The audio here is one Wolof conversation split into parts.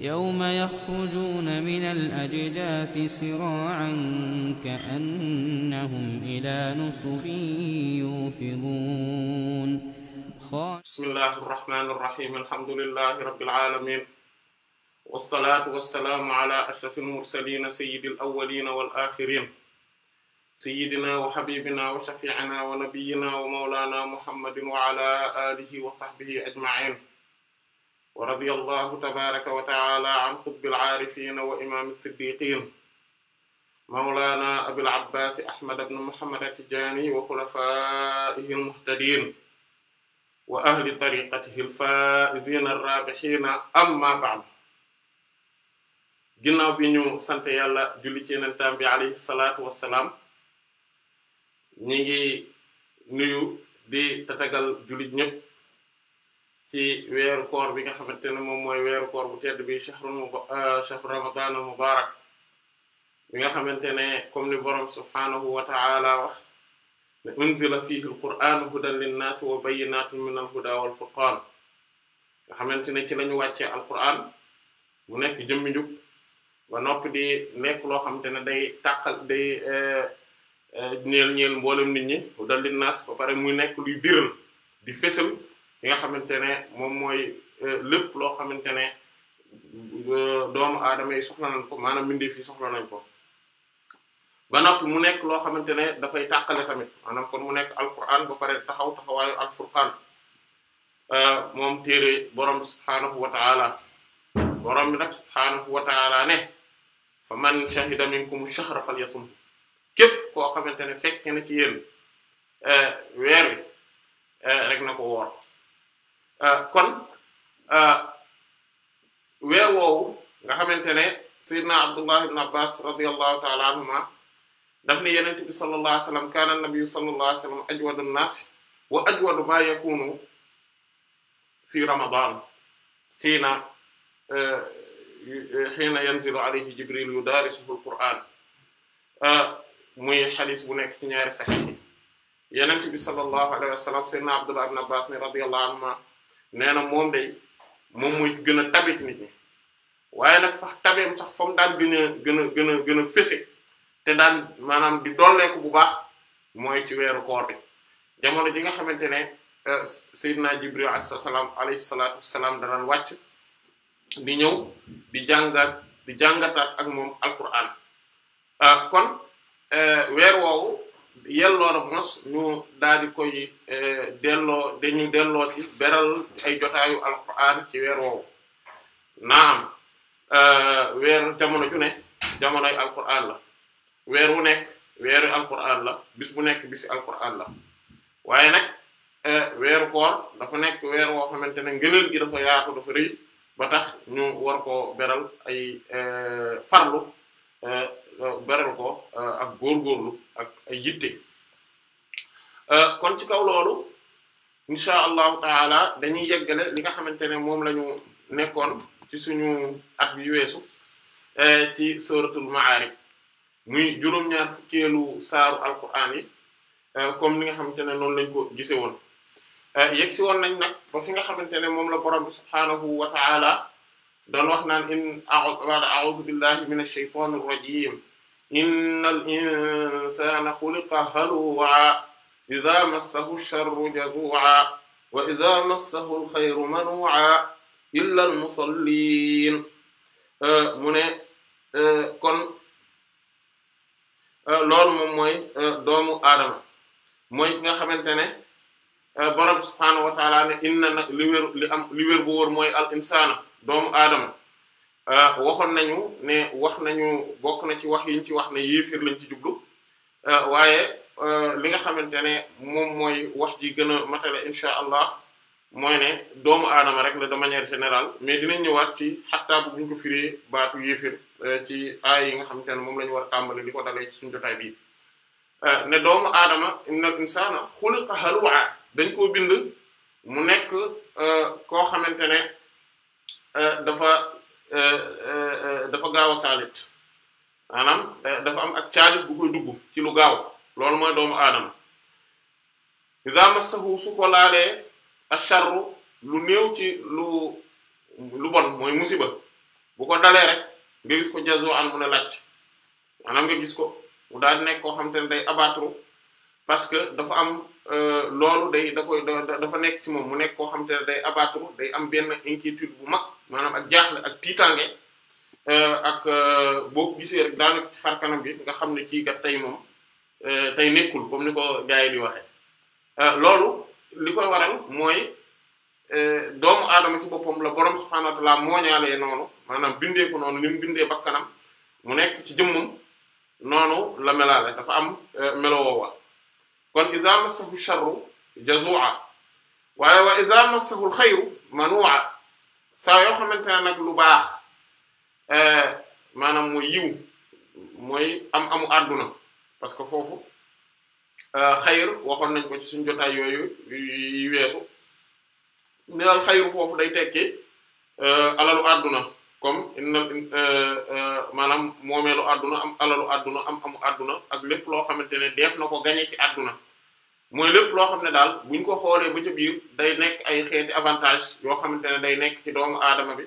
يوم يخرجون من الأجداث سراعا كأنهم إلى نصب يوفضون بسم الله الرحمن الرحيم الحمد لله رب العالمين والصلاة والسلام على أشرف المرسلين سيد الأولين والآخرين سيدنا وحبيبنا وشفيعنا ونبينا ومولانا محمد وعلى آله وصحبه أجمعين wa radiya allahu tabaraka wa taala an qutbil aarifina wa imaami siddiqin mawlaana abil abbaasi ahmad ibn muhammad at-tijaani wa xulafaa'ihi al-muhtadiin wa ahli tariqatihi al-faa'iziina ar-raabihiina amma ba'd ginnaaw bi ñu sant yàlla julli ci Yonent bi alayhi salaatu wa salaam ñi ngi nuyu di tatagal jullit ñépp ci weeru koor bi nga xamante ne moom mooy weeru koor bu tedd bi shahrul shahru euh, ramadan al mubarak bi nga xamante ne comme ni borom subhanahu wa ta'ala wax ne unzila fihi al qur'an hudan linnas wa bayyinatin min al huda wal furqan nga xamante ne ci lañu wàccee al qur'an mu nekk jëmmi ba noppi di nekk loo xamante ne day tàqal day euh, euh, ñeel ñeel mboolem nit ñi hudan linnas ba pare muy nekk luy biral di fésal li nga xamante ne moom mooy euh, lépp loo xamante ne euh, doomu aadama yi soxla nañ ko maanaam mbindeef yi soxla nañ ko ba mu nekk loo xamante ne dafay tàqale tamit maanaam kon mu nekk alquran ba pare taxaw taxawaayu alfurqaan euh, moom téere borom subhaanahu wa ta'ala borom bi nag subhaanahu wa ta'ala ne fa man shahida minkum shahra falyasum képp koo xamante ne fekk na ci yéen weer wi rek na ko woor Euh, kon euh, weer woowu nga xamante ne sayyidna abdullah ibn abbas radiyallahu ta'ala anhuma daf ne yenente bi sallallahu alayhi wasallam kana an-nabiyyu sallallahu alayhi wasallam ajwadu an-nas wa ajwadu ma yakunu fi ramadan xiina xiina euh, yanzilu alayhi jibril yudarisuhu al-qur'an muy xadis bu nekk ci ñaari saxiix yi yenente bi sallallahu alayhi wasallam sayyidna abdullah ibn abbas ne radiyallahu anhuma nee na moom day moom mooy gën a tabe ci nit ñi waaye nag sax tabeem sax fa mu daan gën a gën a gën a gën te daal maanaam di dolleeku bu baax mooy ci weeru koor bi jamono ji nga xamante ne euh, Seydina Jibril alayhi salaatu wassalaam da daan wàcc di ñëw di jàngat di jàngataat ak moom Alquran euh, kon euh, weer woowu yelloo na mos ñu daal koy eh, delloo dañu delloo ci beral ay jotaayu alquran ci weer woowu naam eh, weer jamono ju ne jamonoy alquran la weer wu nekk weeru alquran la bis bu nekk bisi alquran la waaye nag eh, weeru koor dafa nekk weer woo xamante ne ngëneel gi dafa yaatu dafa rëy ba tax ñu war ko beral ay farlu Euh, beral ko euh, ak góorgóorlu ak ay euh, kon ci kaw loolu insha allahu taala dañuy yeggale li nga xamante ne moom la nekkoon ci suñu at yu weesu ci suratul ma'arij muy juróom-ñaar fukkeelu saaru alquran yi comme li nga xamante ne noonu lañ ko gise woon yegg si woon nañ nag ba fi nga xamante ne moom la borom bi subhaanahu wa taala doon wax naan in a'udhu billahi minash shaytanir rajim innal insaana xuliqa haluu'a idaa massahu sharru jazuu'a wa idaa massahu alxayru manuu'a illal musalliin mu ne kon loolu moom mooy doomu aadama mooy nga xamante ne borom subhaanahu wa ta'aala ne inna nag li wér li am li wér bu wóor mooy al insaana doomu aadama Ah, waxoon nañu ne wax nañu bokk na ci wax yiñ ci wax ne yéefir lañ ci jublu ah, waaye euh, li nga xamante ne moom mooy wax ji gën a matale incha allah mooy ne doomu aadama rek la de manière générale mais dinañ ñëwaat ci xattaa bu buñ ko firee baatu yéefir euh, ci aay yi nga xamante ne moom lañu war tàmbali li ko dalee ci suñu jotaay bii euh, ne doomu aadama innal insaana xuliqa halu'a dañ koo bind mu nekk koo xamante ne dafa Euh, euh, euh, dafa gaaw a saalit maanaam dafa am ak caalit bu koy dugg ci lu gaaw loolu mooy doomu aadama iza massahu su laalee asharru lu néew ci lu lu bon mooy musiba bu ko dalee rek gis ko jazo an mun a laaj maanaam nga gis ko mu daal di nekk koo xam te ne day abattre parce que dafa am loolu day da koy dafa nekk ci moom mu nekk ko xam te ne day abattre day am benn inquiétude bu mag maanaam ak jaaxle ak tiitaange euh, ak euh, boo gisee rek daanaka ci xar bi nga xam ne kii kat tey moom euh, tey nekkul comme ni ko gars yi di loolu li koy waral mooy doomu aadama ci boppam la borom subhaanahu wa ta'aala mooñaalee noonu maanaam bindee ko noonu ni mu bindee bakkanam mu nekk ci jëmmam noonu la melaale dafa am melo woowa kon iza massahu sharru a waaye wa iza massahu alxayru manua saa yoo nag lu baax eh, maanaam mooy yiw mooy am amu àdduna parce que foofu eh, xayr waxoon nañ ko ci suñ jotaay yooyu yi weesu neel xayru foofu day tekki eh, alalu àdduna comme na maanaam moomeelu àdduna am alalu àdduna am amu àdduna ak lépp loo xamante ne def na ko gañe ci àdduna mooy lépp loo xam ne daal buñ ko xoolee ba ca biir day nekk ay xeeti avantage yoo xamante ne day nekk ci doomu aadama bi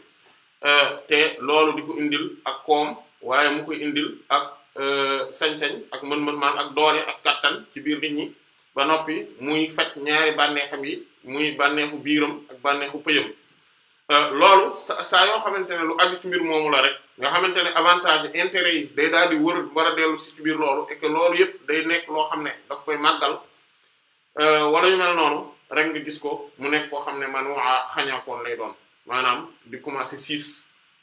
euh, te loolu di ko indil ak koom waaye mu koy indil ak euh, sañ-sañ ak mën-mën maan ak doole ak kattan ci biir nit ñi ba noppi muy faj ñaari bànneexam yi muy bànneexu biiram ak bànneexu pëyam euh, loolu saa yoo xamante ne lu aju ci mbir moomu la rek nga xamante ne avantage intérêt yi day daal di wër war a dellu si ci biir loolu et loolu yëpp day nekk loo xam ne daf koy màggal Euh, wala yu mel noonu rek nga gis ko mu nekk koo xam ne man waa xañaakoon lay doon maanaam di commencé siis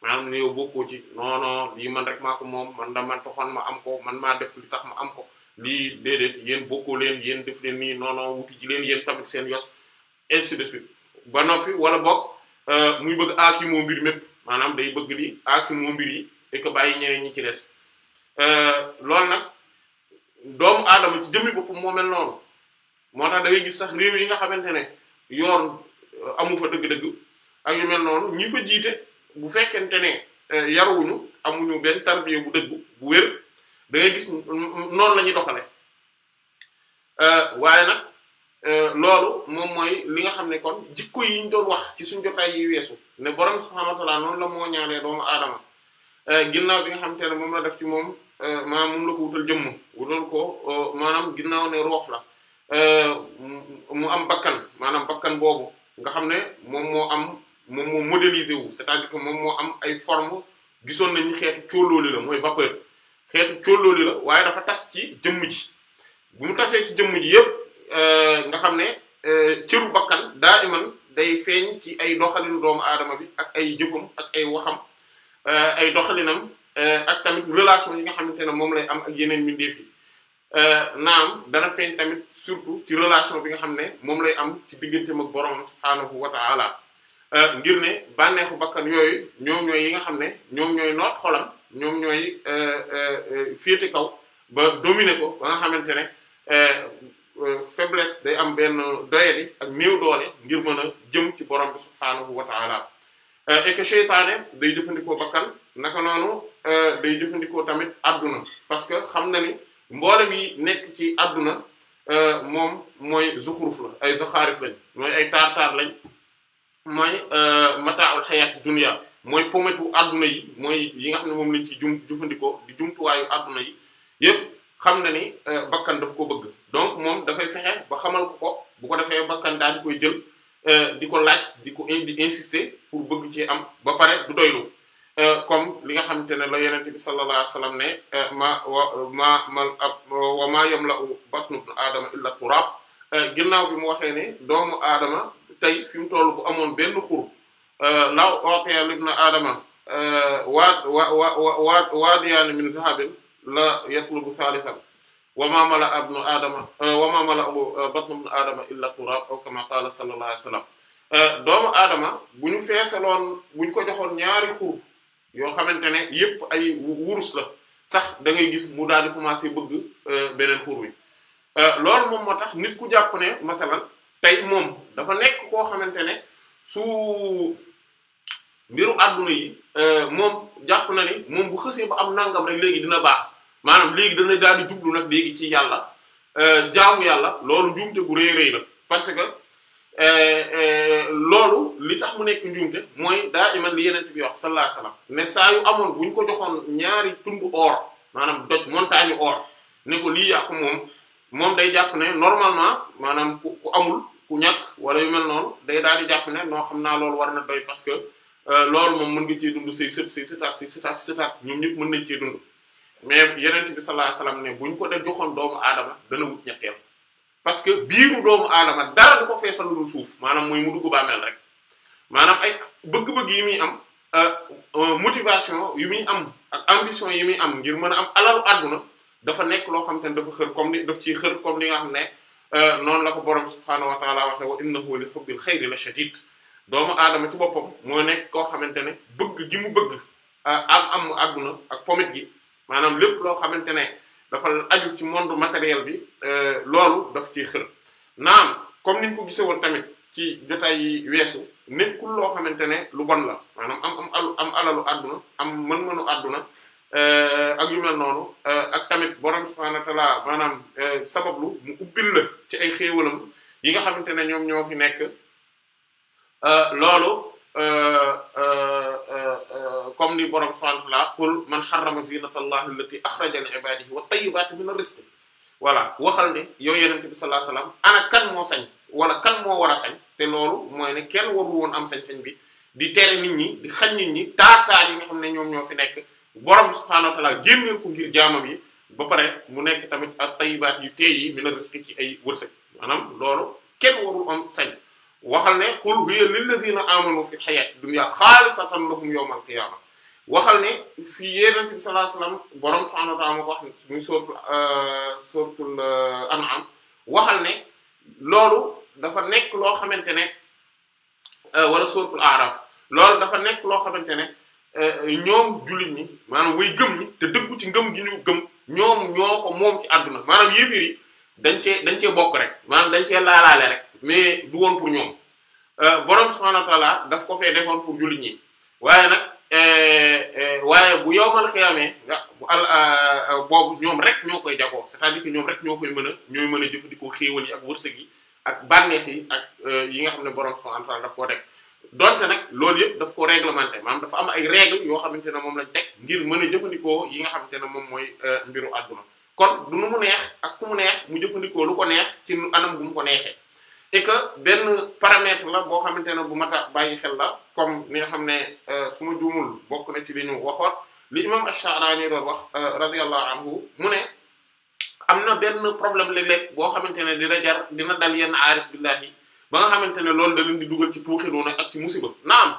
maanaam ne yow bokkoo ci non non man rek maa ko moom man da man taxoon ma am ko man maa def li tax ma am ko lii déedéet yéen bokkoo leen yéen def leen nii non non wuti ji leen yéen tamit seen yos ainsi de suite ba noppi wala boog euh, muy bëgg aaki moo mbir mépp maanaam day bëgg li aaki moo mbir yi et que bàyyi ci des euh, loolu nag doomu aadama ci jëmmi boppam moo mel noonu moo tax da gis sax réew yi nga xamante ne yoon euh, amu fa dëgg-dëgg ak yu mel noonu ñi fa jiite bu fekkente ne euh, yaruwuñu amuñu benn tarbiya bu dëgg bu wér da gis noonu la ñuy doxale euh, waaye nag loolu moom mooy li nga xam ne kon jikko yi ñu doon wax ci suñ jotaay yi weesu ne borom subhaanahu wa ta'aala noonu la moo doomu aadama ginnaaw bi nga xamante ne moom la def ci moom maa moom la ko wutal jëmm wutal ko maanaam ginnaaw ne roox la. Euh, mu am bakkan maanaam bakkan boobu nga xam ne moom moo am moom moo modélisé wu c'est-à-dire que moom moo am ay forme gisoon nañ xeetu cóolóoli la mooy vapeur xeetu cóolóoli la waaye dafa tas ci jëmm ji bu mu tasee ci jëmm ji yépp euh, nga xam ne euh, cëru bakkan daa iman day feeñ ci ay doxalinu doomu aadama bi ak ay jëfam ak ay waxam ay doxalinam ak tamit relation yi nga xamante ne moom lay am ak yeneen mbindeef yi Euh, naam dana feeñ tamit surtout ci relation bi nga xam ne moom lay am ci digganteem ak borom subhaanahu wa ta'ala euh, ngir ne bànneexu bakkan yooyu ñoom ñooy yi nga xam ne ñoom ñooy noot xolam ñoom ñooy euh, féete kaw ba dominer ko ba nga xamante ne faiblesse day am benn doyadi ak néew doole ngir mën a jëm ci borom bi subhaanahu wa ta'ala et day jëfandikoo bakkan naka noonu day jëfandikoo tamit adduna parce que xam na ni. mboolem yi nekk ci àdduna euh, moom mooy zuxuruf la ay zaxaarif lañ mooy ay taar-taar lañ mooy euh, mataaul xayaati dunya mooy pometu àdduna yi mooy yi nga xam ne moom lañ ci jum jëfandikoo di jumtuwaayu àdduna yi yépp xam na ni euh, bakkan daf ko bëgg donc moom dafay fexe ba xamal ko ko bu ko defee bakkan daal di koy jël di ko laaj di ko di insister pour bëgg ci am ba pare du doylu Euh, comme li nga xamante ne la yonent bi sallallahu alayhi wasallam ne ma euh, ma ma wa batnu ibn aadama illa turab euh, ginnaaw bi mu waxee ne doomu aadama tey fi mu tol bu amoon benn xur law u'tiya ibna aadama waad wa wa waadiyaan min zahabin la yatlubu salisan wa ma mala'a ibnu aadama wa ma mala'u batnu ibn aadama illa turab aw kama qala sallallahu alayhi wasallam doomu aadama bu ñu feesaloon bu ñu ko joxoon ñaari xur yoo xamante ne yépp ay wurus la sax da ngay gis mu daal di commencé bëgg euh, beneen xur wi euh, loolu moom moo tax nit ku jàpp ne masalan tey moom dafa nekk koo xamante ne su mbiru àdduna yi euh, moom jàpp na ni moom bu xësee ba am nangam rek léegi dina baax maanaam léegi dana daal di jublu nag léegi ci yàlla jaamu yàlla loolu njuumte gu rëy rëy la parce que Euh, euh, loolu li tax mu nekk njuumte mooy daa iman li yeneen bi wax sallallahu alayhi ne saa yu amoon bu ñu ko joxoon ñaari tund or maanaam doj montagne or ne ko lii yàqu moom moom day jàpp ne normalement maanaam ku ku amul ku ñàkk wala yu mel noonu day daal di jàpp ne noo xam naa loolu war na doy parce que euh, loolu moom mën nga cee dund say sët say sëtaat say sëtaat sëtaat ñoom ñëpp mën nañ cee dund mais yeneen bi sallallahu alayhi wasallam ne bu ñu ko def joxoon doomu aadama dana wut ñetteel parce que biiru doomu aadama dara du ko feesal lu suuf maanaam muy mu dugg bàmmeel rek maanaam ay bëgg-bëgg yi muy am euh, euh, motivation yi muy am ak ambition yi muy am ngir mën a am alalu àdduna dafa nekk loo xam te ne dafa xër comme daf ciy comme li nga xam ne euh, noonu la ko borom subhaanahu wa taala waxe wa innahu li hubbil xayri la shadid doomu aadama ci boppam moo nekk koo xamante ne bëgg gi mu bëgg am am àdduna ak pomit gi maanaam lépp loo xamante ne dafa aju ci monde matériel bi euh, loolu daf ciy xër naam comme ni ñu ko gisee woon tamit ci jotaay yi weesu nekkul loo xamante ne lu bon la maanaam am am am alalu àdduna am mën-mënu àdduna euh, ak yumal noonu euh, ak tamit borom subhaanahu wa ta'aala maanaam sabablu mu ubbil la ci ay xéewalam yi nga xamante ne ñoom ñoo fi nekk loolu Euh, euh, euh, comme ni borom subhanahu wa ta'ala qul man harrama zinatallahi allati akhraja li ibadihi wat tayyibati min ar-rizq voilà waxal ne yow yonent bi sallallahu alayhi ana kan moo sañ wala kan moo war sañ te loolu mooy ne kenn warul woon am sañ-sañ bi di tere nit ñi di xañ nit ñi taataar yi nga xam ne ñoom ñoo fi nekk borom subhanahu wa ta'ala ko ngir jaamam yi ba pare mu nekk tamit at tayyibaat yu teey yi min ar ci ay wërsëg maanaam loolu kenn warul sañ. waxal ne qul huwa lillazina amanu fi hayati dunya khalisatan lahum yawmal a waxal ne fii yonent bi sallallahu alayhi wasallam borom subhanahu wa ta'ala ma ko wax muy suratul euh, suratul an'am waxal ne loolu dafa nekk loo xamante ne euh, wala suratul a'raf loolu dafa nekk loo xamante ne euh, ñoom julit ñi maanaam way gëm ñi te dëggu ci ngëm gi ñu gëm ñoom ñoo ko moom ci àdduna maanaam yéefir yi dañ cee dañ cee bokk rek maanaam dañ cee laalaale rek mais du woon pour ñoom euh, borom subhaanahu wa daf ko fee defoon pour jullit ñi waaye nag euh, euh, waaye bu yowmal xiyaamee nga boobu ñoom rek ñoo koy jagoo c'est-à-dire que ñoom rek ñoo koy mën a ñooy mën a jëfandikoo xéewal yi ak wërsëg yi ak bànneex yi ak yi nga xam ne borom subhaanahu wa ta'aala daf koo teg donte nag loolu yëpp daf ko réglementé maanaam dafa am ay règles yoo xamante ne moom lañ teg ngir mën a jëfandikoo yi nga xamante ne moom mooy mbiru àdduna kon du nu mu neex ak ku mu neex mu jëfandikoo lu ko neex ci anam bu mu ko neexee et que benn paramètre la boo xamante ne bu mat a bàyyi xel la comme ni nga xam ne euh, su ma juumul bokk na ci li ñu waxoon li imam Ash-Sha'rani doon wax euh, radiyallahu anhu mu ne am na benn problème léeg-léeg boo xamante ne dina jar dina dal yenn aarif billahi ba nga xamante ne loolu da leen di dugal ci tuuxi noonu ak ci musiba naam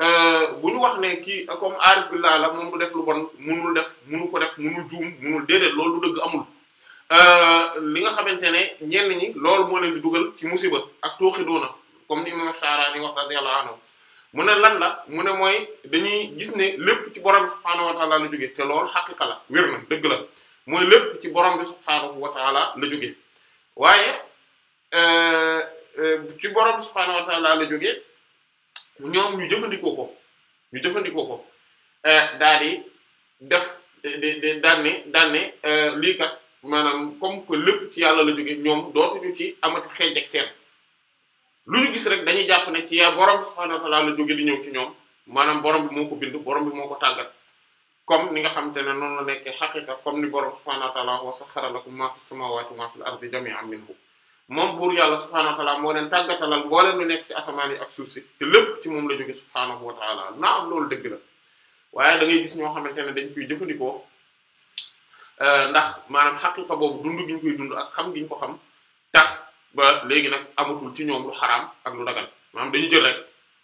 euh, bu ñu wax ne kii comme aarif billah la moom du def lu bon munul def munu ko def munul juum munul déedéet loolu du dëgg amul li euh, nga xamante ne ñenn ñi lool moo leen dugal ci musiba ak tooxi doona comme ni imam Sha'rani wax radiyallahu anhu mu ne lan la mu ne mooy dañuy gis ne lépp ci borom bi subhaanahu wa la jóge na dëgg la mooy lépp ci borom bi subhaanahu wa taala la jóge waaye euh, euh, ci borom bi subhaanahu wa la jóge ñoom ñu jëfandikoo ko ñu jëfandikoo ko daal di def daan ne lii kat maanaam comme que lépp ci yàlla la jóge ñoom dootuñu ci amati xeej ak seen lu ñu gis rek dañuy jàpp ne ci yaa borom subhaanahu wa ta'aala la jóge di ñëw ci ñoom maanaam borom bi moo ko bind borom bi moo ko tàggat comme ni nga xamante ne noonu la nekkee xaqiqa comme ni borom subhaanahu wa ta'aala wa saxxara lakum maa fi samaawaati wa maa fil ardi jamii'an minhu moom buur yàlla subhaanahu wa ta'aala moo leen tàggatalal mbooleen lu nekk ci asamaan yi ak suuf si te lépp ci moom la jóge subhaanahu wa ta'aala am loolu dëgg la waaye xamante ne dañ ciy jëfandikoo Euh, ndax maanaam xaqiqa boobu dund gi ñu koy dund ak xam gi ñu ko xam tax ba léegi nag amatul ci ñoom lu xaraam ak lu dagal maanaam dañuy jël rek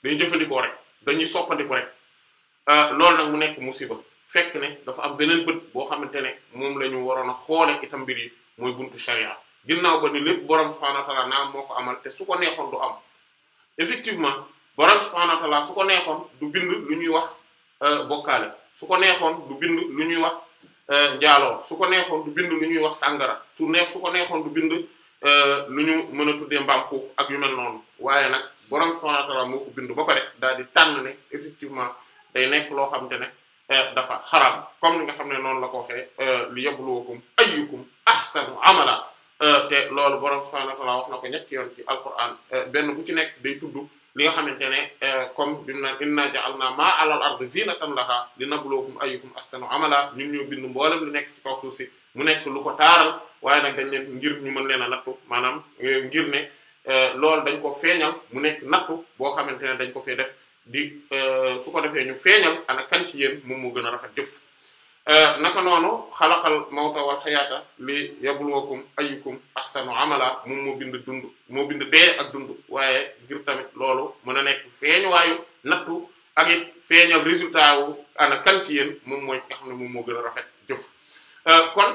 dañuy jëfandikoo rek dañuy soppandiku rek euh, loolu nag mu nekk musiba fekk ne dafa am beneen bët boo xamante ne moom la ñu waroon a xoole itam mbir yi mooy buntu sharia ginnaaw ba ni lépp borom subhanahu wa ta'ala naam moo ko amal te su ko neexoon du am effectivement borom wa ta'ala su ko du bind lu ñuy wax euh, bokkaale su ko neexoon du bind lu ñuy njaaloo euh, su ko neexoon du bind lu ñuy wax sàngara su neex su ko neexoon du bind euh, lu ñu mën a tuddee mbaam xuux ak yu mel noonu waaye nag borom subhanahu wa ta'ala ko bind ba pare daal di tànn ne effectivement day nekk loo xamante ne euh, dafa xaraam comme ni nga xam ne noonu la ko waxee li yabluwakum ayyukum ahsanu amala te loolu borom subhanahu wa wax na ko ñetti yoon ci alquran benn bu ci nekk day tudd. li nga xamante ne euh, comme bi mu naan inna ja'alna ma alal ardi zinatan laha linabluwakum ayyukum ahsanu amala ñun ñoo bindu mboolem lu nekk ci kaw suuf si mu nekk lu ko taaral waaye nag dañ leen ngir ñu mën leen a nattu maanaam euh, ngir ne euh, loolu dañ ko feeñal mu nekk nattu boo xamante ne dañ ko fee def di su ko defee ñu feeñal ana kan ci yéen moom moo gën a rafet jëf Euh, naka noonu xalaqal mawta wal xayaata li yabluwakum ayyukum ahsanu amala moom moo bind dund moo bind dee ak dund waaye ngir tamit loolu mën a nekk feeñuwaayu nattu ak it feeñal résultat wu ana kan ci moom mooy nga xam ne moom moo gën a rafet jëf euh, kon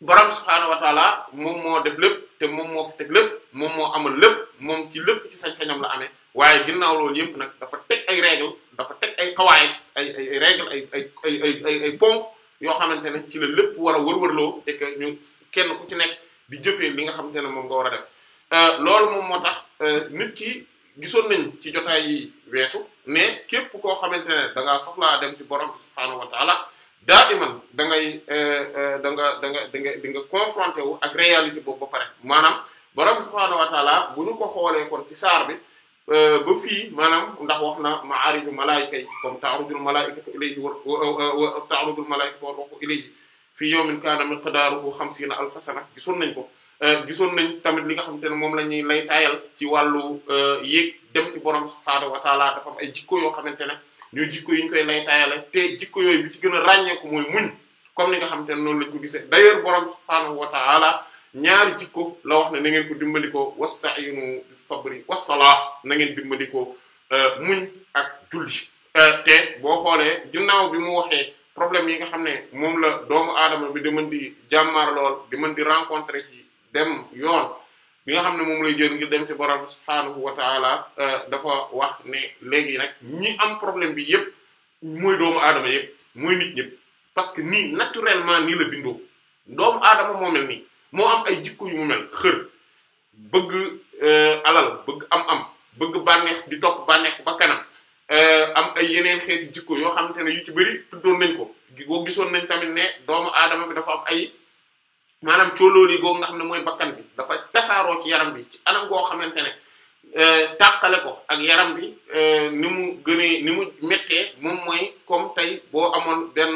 borom subhaanahu wa moom moo def lépp te moom moo fi teg lépp moom moo amal lépp moom ci lépp ci sañ-sañam la amee waaye ginnaaw loolu yëpp nag dafa teg ay règle dafa teg ay xawaay ay ay ay ay ay ay ay ponk yoo xamante ne ci la lépp war a wërwërloo ñu kenn ku ci nekk di jëfee li nga xamante ne moom nga war a def euh, loolu moom moo tax euh, nit ki gisoon nañ ci jotaay yi weesu ne képp koo xamante ne da ngaa soxlaa dem ci borom subhaanahu wa taala daa iman da ngay euh, da nga da nga da nga nga confronté wu ak réalité boobu ba pare maanaam borom subhaanahu wa bu ñu ko xoolee kon ci saar bi Euh, ba fii maanaam ndax wax na ma'aariju malaayika yi comme ta'arujul malaayikatu ilayhi wa wa ta'arujul malaayikatu war ruuhu ilayhi fii yawmin kaana miqdaaruhu xamsiina alfa sana gisoon nañ ko euh, gisoon nañ tamit li nga xamante ne moom la ñuy lay taayal ci wàllu euh, yéeg dem ci borom subhaanahu wa taala dafa am ay jikko yoo xamante ne ñooy jikko yiñ ñu koy lay te jikko yooyu bi ci gën a ràññeeku mooy muñ comme ni nga xamante ne noonu lañ ko gisee d'ailleurs borom subhaanahu wa ñaari jikko la wax ne na ngeen ko dimbali ko wasta'inu bis sabri was salaa na ngeen dimbali ko euh, muñ ak julli euh, te boo xoolee ginnaaw bi mu waxee problème yi nga xam ne moom la doomu aadama bi di man di jàmmaar lool di mën di rencontrer ci dem yoon bi nga xam ne moom lay jël ngir dem ci borom subhaanahu wa taala euh, dafa wax ne léegi nag ñi am problème bi yëpp mooy doomu aadama yépp mooy nit ñépp parce que nii naturellement nii la bindoo doomu aadama moom mel nii moo am ay jikko yu mu mel xër bëgg euh, alal bëgg am-am bëgg bànneex di topp bànneex ba kanam euh, am ay yeneen xeeti jikko yoo xamante ne yu ci bëri tuddoon nañ ko boo gisoon nañ tamit ne doomu adama bi dafa am ay maanaam cóolóoli googu nga xam ne mooy bakkan bi dafa tasaaroo ci yaram bi ci anam goo xamante ne euh, tàqale ko ak yaram bi ni mu gënee ni mu méttee moom mooy comme tey boo amoon benn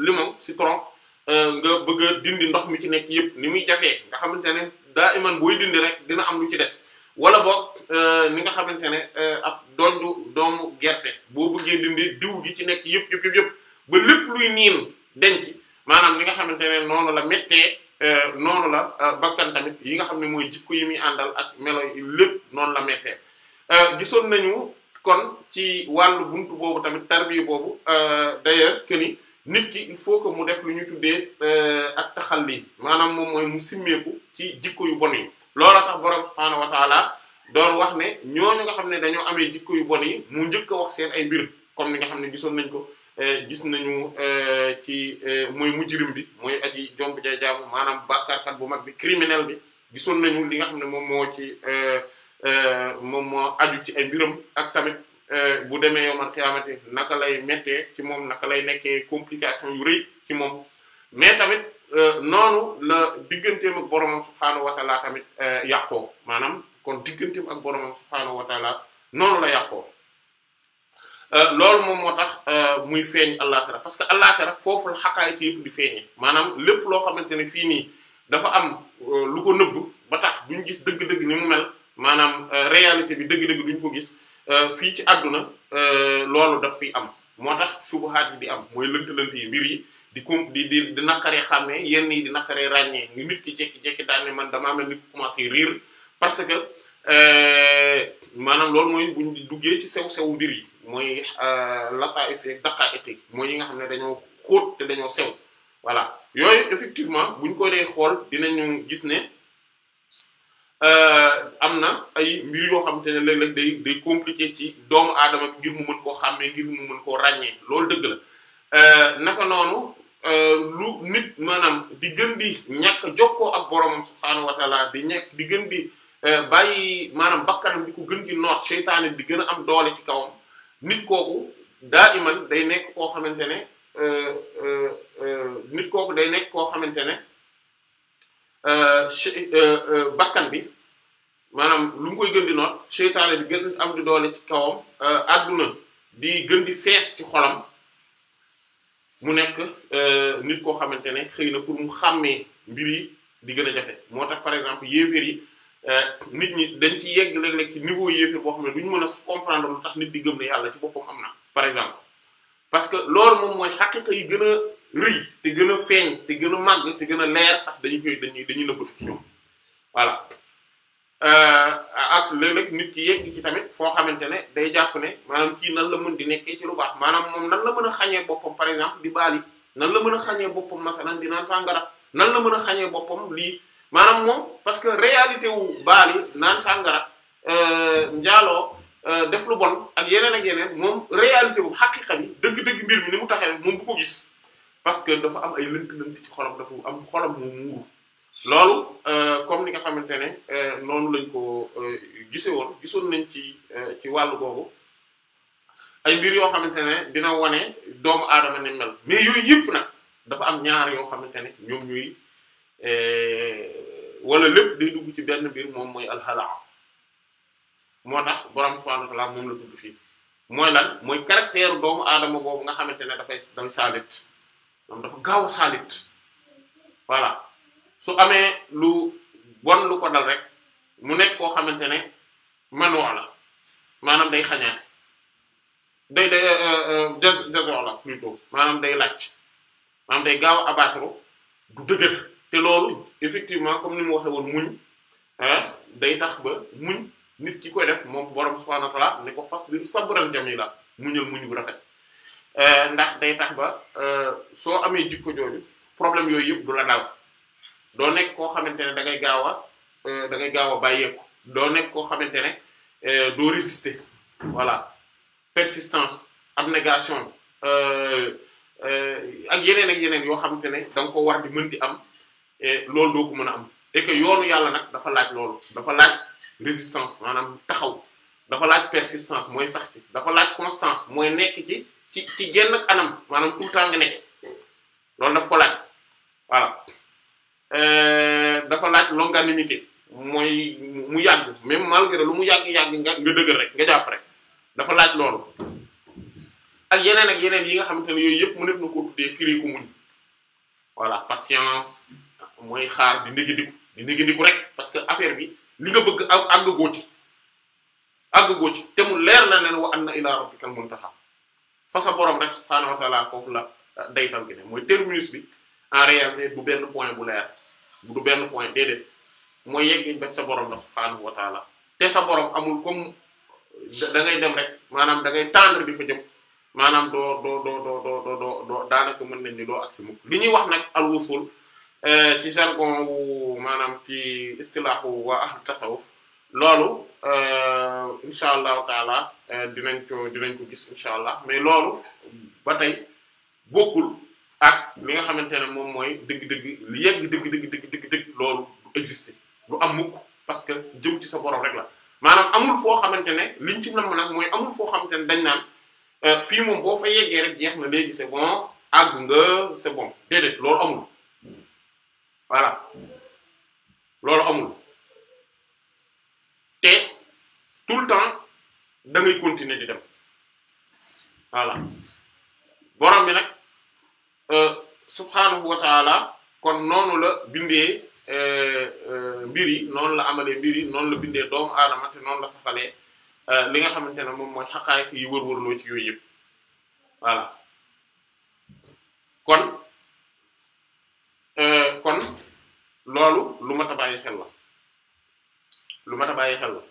limon citron Euh, nga bëgg dindi ndox mi ci nekk yëpp ni muy jafee nga xamante ne daa iman booy dindi rek dina am lu ci des wala boog euh, ni nga xamante ne euh, ab donju doomu gerte boo bëggee dindi diw gi ci nekk yëpp yëpp yëpp yëpp ba lépp luy niin denc maanaam ni nga xamante ne noonu la méttee noonu la bakkan tamit yi nga xam ne mooy jikko yi muy àndal ak melo yi lépp noonu la méttee gisoon nañu kon ci wàll buntu boobu tamit tarbiya boobu d'ailleurs que nit ki il faut que mu def lu ñu tuddee euh, ak taxal taxalli maanaam moom mooy mu simmeeku ci jikko yu bon yi loola tax borom subhaanahu wa taala doon wax ne ñooñu nga xam ne dañoo amee jikko yu bon yi mu njëkk a wax seen ay mbir comme ni nga xam ne gisoon nañ ko euh, gis nañu euh, ci mooy mujrim bi mooy aji jomb ja maanaam bàkkaarkat bu mag bi criminel bi gisoon nañu li nga xam ne moom moo ci moom moo aju ci ay mbiram ak tamit Euh, bu demee yowmal xiyaamati naka lay méttee ci moom naka lay nekkee complication yu rëy ci moom mais tamit euh, noonu la digganteem ak boromam subhaanahu wa euh, maanaam kon digganteem ak boromam noonu la yàqoo loolu moom moo tax muy feeñ àllaaxira parce que àllaaxira foofu la xaqaay ci yëpp di maanaam lépp loo xamante ni fii nii dafa am lu ko nëbb ba tax duñ gis dëgg-dëgg ni mu mel maanaam réyalité bi dëgg-dëgg duñ ko gis Euh, fii ci àdduna euh, loolu daf fi am moo tax subuhaat yi di am mooy lënt-lënt yi mbir yi di com di di di naqaree xàmmee yenn yi di naqaree ràññee ngi nit ki jekki-jekki daan ne man damaa mel ni ku commencé riir parce que euh, maanaam loolu mooy buñ duggee ci sew-sewu mbir yi mooy lataif yeeg daqaa'iq yi mooy yi nga xam ne dañoo xóot te dañoo sew voilà yooyu effectivement buñ ko dee xool dinañu gis ne Euh, am na ay mbir yoo xamante ne léeg-léeg day day compliqué ci doomu aadama bi ngir mu mën koo xàmmee ngir mu mën koo ràññee loolu dëgg la euh, naka noonu euh, lu nit maanaam di gën di ñàkk jokkoo ak boromam subhaanahu wa di ñàkk di gën bi bàyyi maanaam bakkanam di ko gën di noot seytaane di gën a am doole ci kawam nit kooku daa man day nekk koo xamante ne nit kooku day nekk koo xamante ne Euh, euh, euh, bàkkan bi maanaam lu mu koy gën di noot seytaane di gën am di doole ci kawam adduna di gën di fees ci xolam mu nekk nit koo xamante ne xëy na pour mu xàmmee mbir yi di gën a jafe moo tax par exemple yéeféer yi nit ñi dañ ci yegg léeg-léeg ci niveau yéeféer boo xam ne ñu mën a comprendre lu tax nit di gëm ne yàlla ci boppam am na par exemple parce que loolu moom mooy xaqiqa yi gën a rëy te gën a feeñ te gën a màgg te gën a leer sax dañu koy dañuy dañuy nëbbatu ci ñoom voilà euh, ak léeg-léeg nit ki yegg ci tamit foo xamante ne day jàpp ne maanaam kii nan la mën di nekkee ci lu baax maanaam moom nan la mën a xañee boppam par exemple di baali nan la mën a xañee boppam masalan di naan sàngara nan la mën a xañee boppam lii maanaam moom parce que réalité wu baali naan sàngara euh, njaaloo euh, def lu bon ak yeneen ak yeneen moom réalité wu xaqiqa bi dëgg-dëgg mbir mi ni mu taxee moom ko gis parce que dafa am ay lënt-lënt ci xolam dafa am xolam mu muuru loolu euh, comme ni nga xamante ne euh, noonu lañ ko euh, gise woon gisoon nañ ci ci wàllu boobu ay mbir yoo xamante ne dina wane doomu aadama ni mel mais yooyu yëpp nag dafa am ñaar yoo xamante ne ñoom ñuy walla lépp day dugg ci benn mbir moom mooy alxalaa moo tax borom subhaanahu wa ta'aala moom la tudd fii mooy lan mooy caractère doomu aadama boobu nga xamante ne dafay dafay saalit moom dafa gaaw a saalit voilà su amee lu bon lu ko dal rek mu nekk koo xamante ne manoo la maanaam day xañaate day day euh, euh, euh, désor la plutôt maanaam day laaj maanaam day gaaw a abattre du dëgër te loolu effectivement comme ni mu waxee woon muñ day tax ba muñ nit ki koy def moom borom subhanahu wa ta'ala ne ko fas biir sabran jamila muñal muñ bu rafet Euh, ndax day tax ba euh, soo amee jikko jooju problème yooyu yëpp du la dal doo nekk koo xamante ne da ngay gaaw a euh, da ngay gaaw a bàyyeeku doo nekk koo xamante ne doo résister voilà persistance abnégation ak yeneen ak yeneen yoo xamante ne da nga ko war di mën am loolu doo ko mën a am et yoonu yàlla nag dafa laaj loolu dafa laaj résistance maanaam taxaw dafa laaj persistance mooy sax ci dafa laaj constance mooy nekk ci ci ci genn anam maanaam tout le temps nga nekk loolu daf ko laaj voilà euh, dafa laaj longanimité mooy mu yàgg même malgré lu mu yàgg-yàgg nga nga dëgër rek nga jàpp rek dafa laaj loolu ak yeneen ak yeneen yi nga xamante ne yooyu yëpp mu def na ko tuddee firi ko muñ voilà patience mooy xaar di négandiku di négandiku rek parce que affaire bi li nga bëgg àgg góoti àgg góoti te mu leer na leen wa anna ilaa rabbikal muntaha fa sa borom rek subhaanahu wa taala foofu la euh, daytal gi ne mooy terminus bi en réalité du benn point bu leer du benn point déedéet mooy yegg ba sa borom rek subhaanahu wa taala te sa borom amul comme euh, da dem rek maanaam da ngay tendre di fa jëm maanaam doo doo doo doo doo doo doo doo daanaka mën na ni doo ak si mukk li ñuy wax nag al-wusul euh, ci jargon wu maanaam ci istilaahu wa ahlu tasawuf loolu euh, incha allahu taala euh, dinañ ko dinañ ko gis incha allah mais loolu ba tey bokkul ak li nga xamante ne moom mooy dëgg-dëgg li yegg dëgg dëgg dëgg dëgg loolu du exister du am mukk parce que jëm ci sa borom rek la maanaam amul foo xamante ne liñ ci nam nag mooy amul foo xamante ne dañ naan euh, fii moom boo fa yeggee rek jeex na léegi c'est bon àgg nga sebon bon déedéet loolu amul voilà loolu amul tout le temps da ngay continuer dem voilà borom bi nag euh, subhaanahu wa kon noonu la bindee euh, euh, mbir noonu la amalee mbir noonu la bindee doomu aadama te noonu la saxalee li nga xamante ne moom mooy xaqaay yi wër-wërloo ci yooyu yëpp kon kon loolu lu mat a bàyyi xel la lu mat a bàyyi xel la.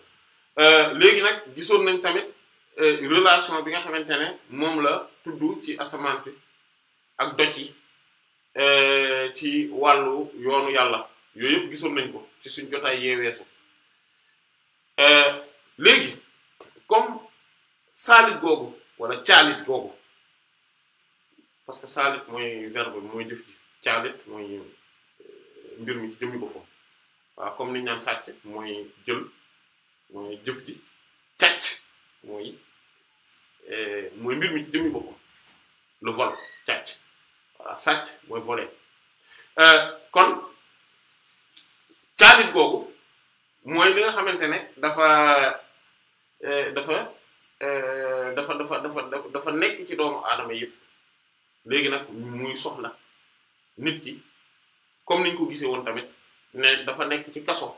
Euh, léegi nag gisoon nañ tamit euh, relation bi nga xamante ne moom la tudd ci asamaan bi ak doj yi euh, ci wàllu yoonu yàlla yooyu yëpp gisoon nañ ko ci suñ jotaay yee weesu léegi comme saalit googu wala caalit googu parce que saalit mooy verbe bi mooy jëf ji caalit mooy mbir mi ci jëmmi boppam waaw comme ni ñu naan sàcc mooy jël mooy jëf ji càcc mooy eh, mooy mbir mi ci jëmmi boppam le vol càcc voilà sàcc mooy voler euh, kon caalit googu mooy li nga xamante ne dafa eh, dafa eh, dafa dafa dafa dafa nekk ci doomu aadama yëpp léegi nag muy soxla nit ki comme niñ ko gisee woon tamit ne dafa nekk ci kaso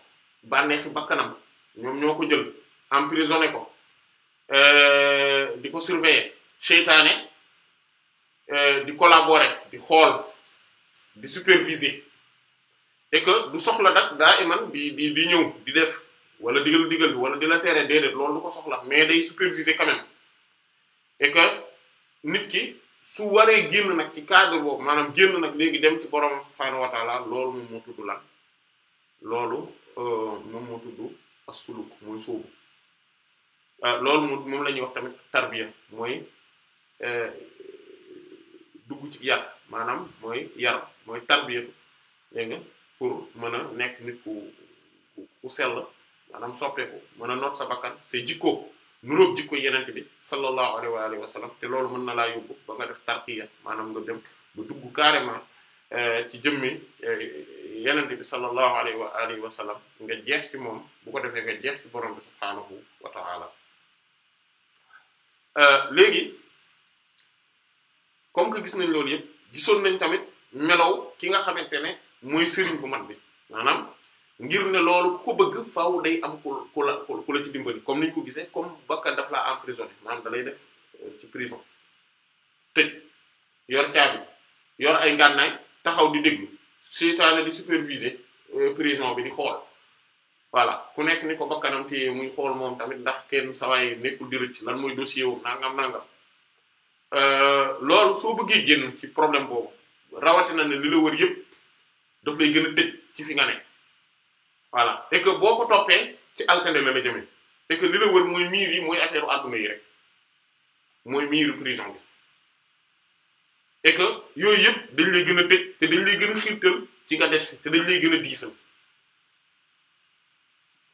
bànneexi bakkanam ñoom ñoo ko jël en emprisonné ko euh, di ko surveiller seytaane euh, di collaborer di xool di superviser et que du soxla dak daa iman di di di ñëw di def wala digal digal bi wala di la tere déedéet loolu du ko soxla mais day superviser quand même et que nit ki su waree génn nag ci cadre boobu maanaam génn nag léegi dem ci borom subhaanahu wa taala loolu moom moo tudd lan loolu euh, moom moo tudd as-suluk mooy sóobu euh, loolu moom la ñuy wax tamit tarbiya mooy euh, dugg ci yar maanaam mooy yar mooy tarbiya dégg nga pour mën a nekk nit ku ku sell maanaam soppeeku mën a noot sa bakkan say jikko nuróog jikko yenent bi sallallahu alayhi wa alihi wa te loolu mën na laa yóbbu ba nga def tarbiya maanaam nga dem ba dugg carrément euh, ci jëmmi yenente bi sallallahu alayhi wa alihi wa sallam nga jeex ci moom bu ko defee nga jeex ci borom bi subhaanahu wa ta'ala euh, léegi comme que gis nañ loolu yëpp gisoon nañ tamit melow ki nga xamante ne muy sëriñ bu mat bi maanaam ngir ne loolu ku ko bëgg faaw day am ku ku la ku ci dimbali comme niñ ko gisee comme bakkan daf laa emprisonné maanaam da lay def euh, ci prison tëj yor caabi yor ay ngànnaay taxaw di déglu seytaane di superviser euh, prison bi di xool voilà ku nekk ni ko bakkanam téye muy xool moom tamit ndax kenn sawaay nekkul di rëcc lan mooy dossier wu nangam nangam euh, loolu soo bëggee génn ci problème boobu rawatina ne li yëpp daf lay gën a tëj ci fi nga ne voilà et que boo ko toppee ci alkande la la jëmee et que li la wër mooy miir yi mooy affaire u yi rek mooy miiru prison bi et que yooyu yëpp dañ lay gën a tëj te dañ lay gën a xiirtal ci nga def te dañ lay gën a diisal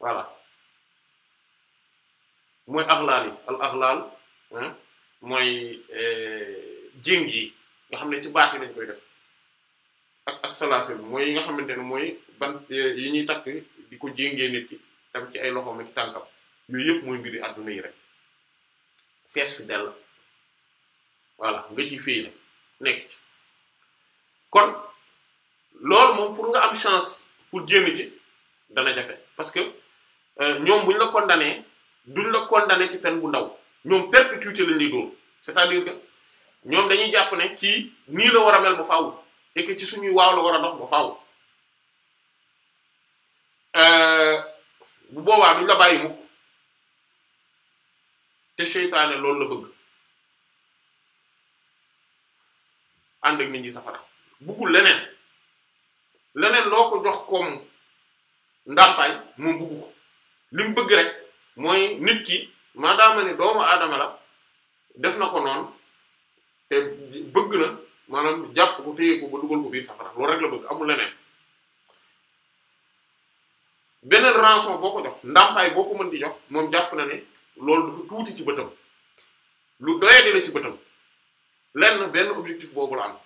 voilà mooy axlaal yi al axlaal mooy eh, jéng yi nga xam ne ci baat yi lañ koy def ak assalaasil mooy yi nga xamante ne mooy ban eh, yi ñuy takk di ko jéngee nit ki tam ci ay loxoom ak tànkam yooyu yëpp mooy mbiri àdduna yi rek fees fi dell voilà nga ci fii nekk ci kon loolu moom pour nga am chance pour génn ci dana jafe parce que euh, ñoom bu ñu la du duñ la condamné ci peine bu ndaw ñoom perpétuité lañ lay dóor c'est-à-dire que ñoom dañuy jàpp ne ci nii la war a mel ba faaw et que ci suñuy waaw la war a dox ba faaw euh, bu boobaa duñ la bàyyi mukk te seytaane loolu la bëgg. ànd ak nit ñi safara buggul leneen leneen loo ko jox comme bëgg rek mooy nit ki maadaama ni doomu aadama la def na ko noonu te bëgg na maanaam jàpp ko téye ko ba leneen beneen rançon boo ko jox ndàmpaay boo ko mën jox moom jàpp na ne loolu dafa tuuti ci bëtam lu doyadi la ci bëtam lenn benn objectif boobu la am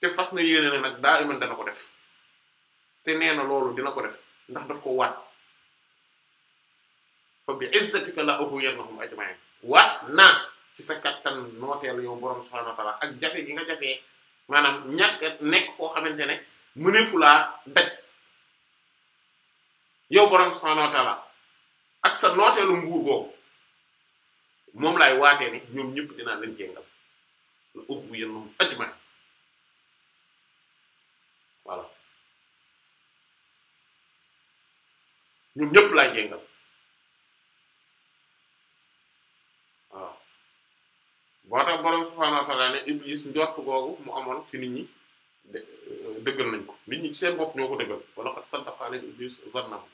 te fas na yéene ne nag daa iman dana ko def te nee na loolu dina ko def ndax daf ko waat fa bi izzatika la ughwiyannahum ajma'in waat naa ci sa kattan nooteel yow borom subhanahu wa ak jafe gi nga jafee maanaam ñàkk nekk koo xamante ne mëneefu laa daj yow ak sa nooteelu nguur googu moom laay waatee ne ñoom ñëpp dinaa leen jéngal la ughwiyannahum ajma'in voilà ñoom ñëpp laay jéngal waaw boo tax boroom subhaanahu wa ta'aala ne iblis njort googu mu amoon ci nit ñi euh, dëggal nañ ko nit ñi ci seen bopp ñoo ko dëggal wala qad saddaqa alayhi iblis zannahu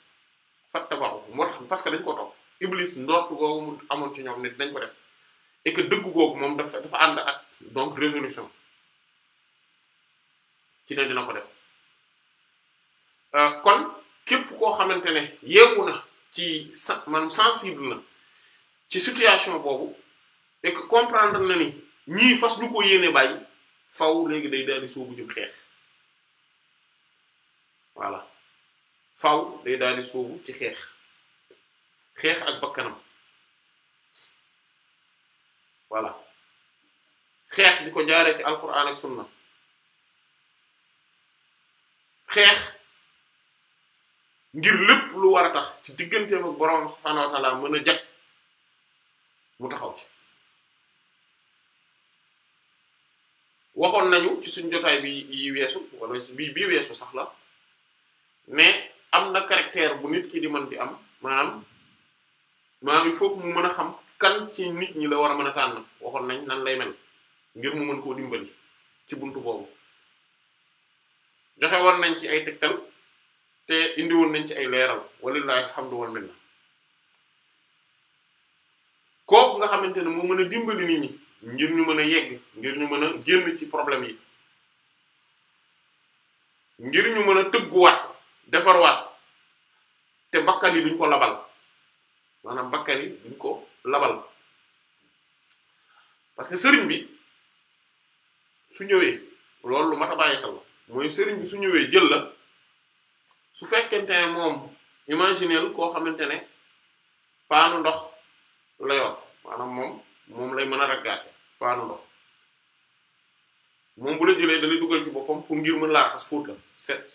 fattaba'uhu moo tax parce que dañ ko topp iblis njort googu mu amoon ci ñoom ne dañ ko def et que googu moom dafa dafa ànd ak donc résolution ci ne dina ko def euh, kon képp koo xamante ne yeewu na ci sa man sensible la ci situation boobu et que comprendre na ni ñii fas lu ko yéene bàyyi faw léegi day daal di soobu xeex voilà faw day daal di soobu ci xeex xeex ak bakkanam voilà xeex di ko jaaree ci alquran ak sunna xeex ngir lépp lu war a tax ci digganteem ak borom subhaanahu wa mën a jag mu taxaw ci waxoon nañu ci suñ jotaay bi yi weesu wala bi bii weesu sax la mais am na caractère bu nit kii di mën di am maanaam maanaam foofu mu mën a xam kan ci nit ñi la war a mën a tànn waxoon nañ nan lay mel ngir mu mën koo dimbali ci buntu boobu joxe nañ ci ay tegtal te indiwoon nañ ci ay leeral walillahi woon wal minna kooku nga xamante ne moo mën a dimbali nit ñi ngir ñu mën a yegg ngir ñu mën a génn ci problème yi ngir ñu mën a tëgguwaat defarwaat te bakkan yi duñ ko labal maanaam bakkan duñ ko labal parce que sëriñ bi su ñëwee loolu lu mat a mooy sëriñ bi su ñëwee jël la su fekkente ne moom imagineel koo xamante ne paanu ndox la yor maanaam moom moom lay mën a raggaate paanu ndox moom bu la jëlee dalay dugal ci boppam pour ngir mën laa xas fóot la set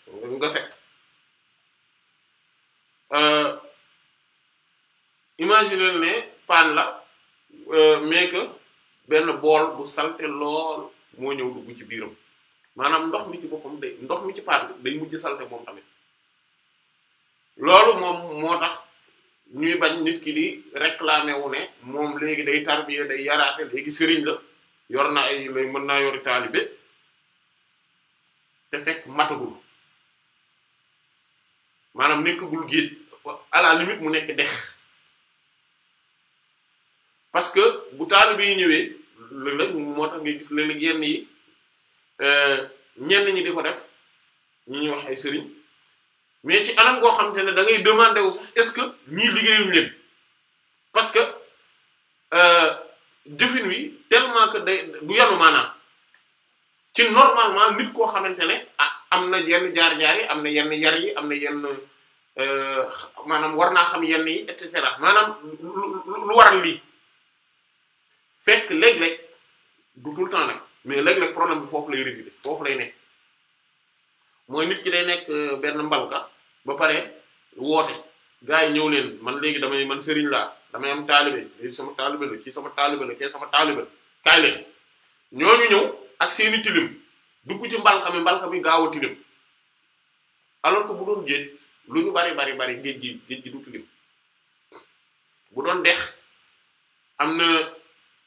nga euh, imagineel ne paan la euh, mais benn bool bu salte lool moo ñëw dugg ci biiram maanaam ndox mi ci boppam day ndox ci paan bi day mujj salte moom tamit loolu moom moo tax ñuy bañ nit ki di réclamer wu ne moom léegi day tarbiye day yaraate léegi sëriñ la yor na ay lay mën naa yori taalibe te fekk matagul maanaam nekkagul géej à la mu nekk dex parce que bu taalibe yi ñëwee léeg-léeg moo tax ngay gis léeg-léeg yenn yi euh, ñenn ñi di ko def ñu ñuy wax ay sëriñ mais ci anam goo xamante ne da ngay demander wu sax est-ce que ñii liggéey leen parce que euh, jëfin wi tellement que day du yanu maanaam ci normalement nit koo xamante ne ah am na yenn jaar-jaar yi am na yenn yar yi am na yenn euh, maanaam war naa xam yenn yi et cetera maanaam lu waral lii fekk léeg du tout temps nag mais léeg-léeg problème bi foofu lay résider foofu lay nekk mooy nit ki day nekk euh, benn mbalka ba pare woote gars yi ñëw leen man léegi damay man sëriñ laa damay am taalibe léegi sama taalibe la kii sama taalibe la kii sama taalibe la kaay leen ñooñu ñëw ak seeni tilim dugg ci mbalka mi mbalka mi gaaw a tilim alors que bu doon géej lu ñu bari bari bari géej gi géej gi du tilim bu doon dex am na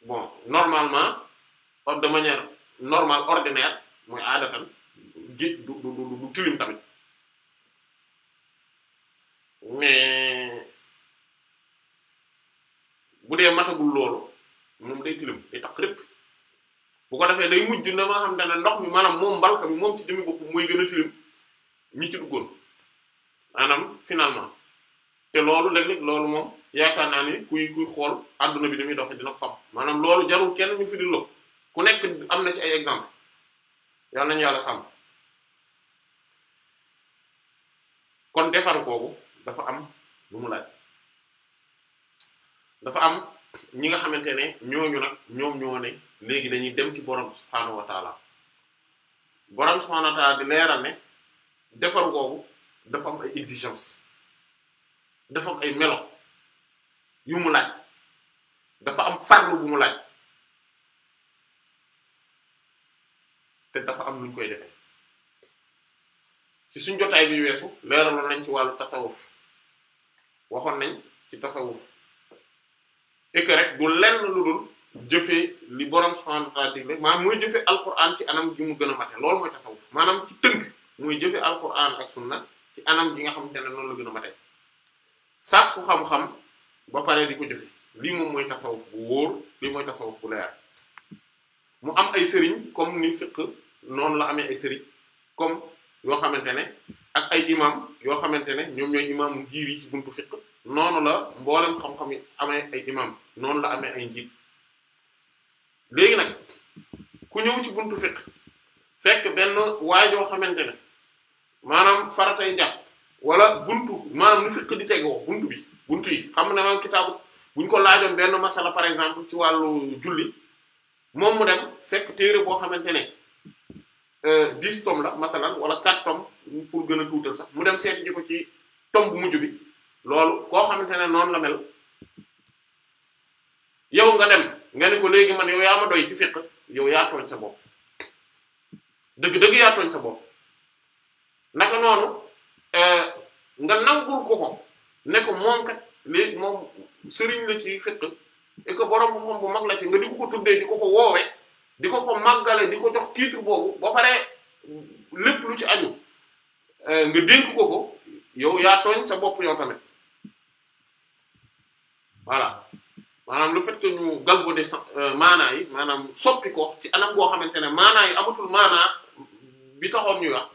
bon normalement or de manière normale ordinaire mooy aadatan géej du du du tilim tamit mais bu dee matagul loolu moom day tilim day tax rëpp bu ko defee day mujj na ma xam ne ndox mi maanaam moom mbalka mi moom ci jëmi bopp mooy gën a tilim ñi ci duggoon finalement te loolu léeg-léeg loolu moom yaakaar naa ni kuy kuy xool àdduna bi damuy doxe dina ko xam maanaam loolu jarul kenn ñu fi di bu nekk am na ci ay exemple yal nañu yàlla sàmm kon defar kooku dafa am lu mu laaj dafa am ñi nga xamante ne ñooñu nag ñoom ñoo ne léegi dañuy dem ci borom subhaanahu wa taala borom subhaanahu wa di leeral ne defar kooku dafa am ay exigence dafa am ay melo yu mu laaj dafa am farlu bu mu laaj te dafa am lu ñu koy defee ci suñ jotaay bi weesu leeraloon nañ ci wàllu tasawuf waxoon nañ ci tasawuf et que rek du lenn lu dul jëfee li borom subhanahu ma ta'ala digle mooy jëfee alquran ci anam gi mu gën a mate loolu maanaam ci tënk mooy jëfee alquran ak ci anam gi nga xamante ne noonu la gën a mate sàkku xam-xam ba pare lii moom mooy tasawuf bu wóor leer mu am ay sëriñ comme ni fiqh noonu la amee ay sëriñ comme yoo xamante ne ak ay imam yoo xamante ne ñoom ñooy imaamu giir yi ci buntu fiqh noonu la mboolem xam-xam yi amee ay imam noonu la amee ay njiit léegi nag ku ñëw ci buntu fiqh fekk benn waay yoo xamante ne maanaam faratay njàpp wala buntu maanaam nu fiqh di tegoo buntu bi buntu yi xam ne maanaam kitaabu bu ñu ko laajoon benn masala par exemple ci wàllu julli moom mu dem fekk téere boo xamante ne Euh, dix tomes la masalan wala quatre tomes pour gën a tuutal sax mu dem seet ji ko ci tome bu mujj bi loolu koo xamante ne noonu la mel yow nga dem nga ne ko léegi man yow yaa ma doy ci fiq yow yaa tooñ sa bopp dëgg-dëgg yaa tooñ sa bopp naka noonu euh, nga nangul ko ko ko moom kat léegi moom sëriñ la ci fiq et que borom moom bu mag la ci nga di ko ko tuddee di ko ko woowee. di ko ko màggale di ko jox titre boobu ba pare lépp lu ci aju eh, nga dénk ko ko yow yaa tooñ sa bopp yow tamit voilà manaam lu fait que ñu de euh, maanaa yi maanaam soppi ko ci anam goo xamante ne maanaa yi amatul maanaa bi taxoon ñuy wax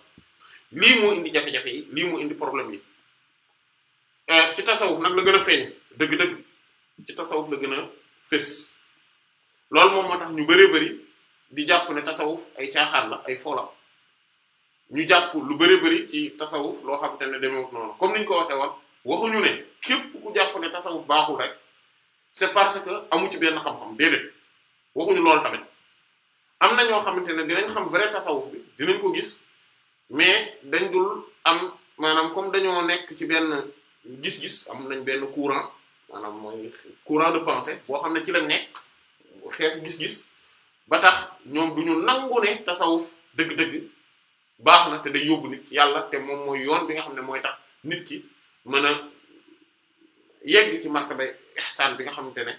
lii moo indi jafe-jafe yi lii moo indi problème yi eh, ci tasawuf nag la gën a feeñ dëgg-dëgg ci tasawuf la gën a fés loolu moom moo tax ñu bëree bëri di jàpp ne tasawuf ay caaxaan la ay fola ñu jàpp lu bëri bëri ci tasawuf loo xamante ne demewut noonu comme ni ñu ko waxee woon waxuñu ne képp ku jàpp ne tasawuf baaxul rek c'est parce que amu ci benn xam-xam déedéet waxuñu lool tamit am na ñoo xamante ne dinañ xam vrai tasawuf bi dinañ ko gis mais dañ dul am maanaam comme dañoo nekk ci benn gis-gis am nañ benn courant maanaam mooy courant de pensée boo xam ne ci lañ nekk xeetu gis-gis ba tax ñoom du ñu nangu ne tasawuf dëgg-dëgg baax na te day yóbbu nit ci yàlla te moom mooy yoon bi nga xam ne mooy tax nit ki mën a yegg ci martaba ihsaan bi nga xamante ne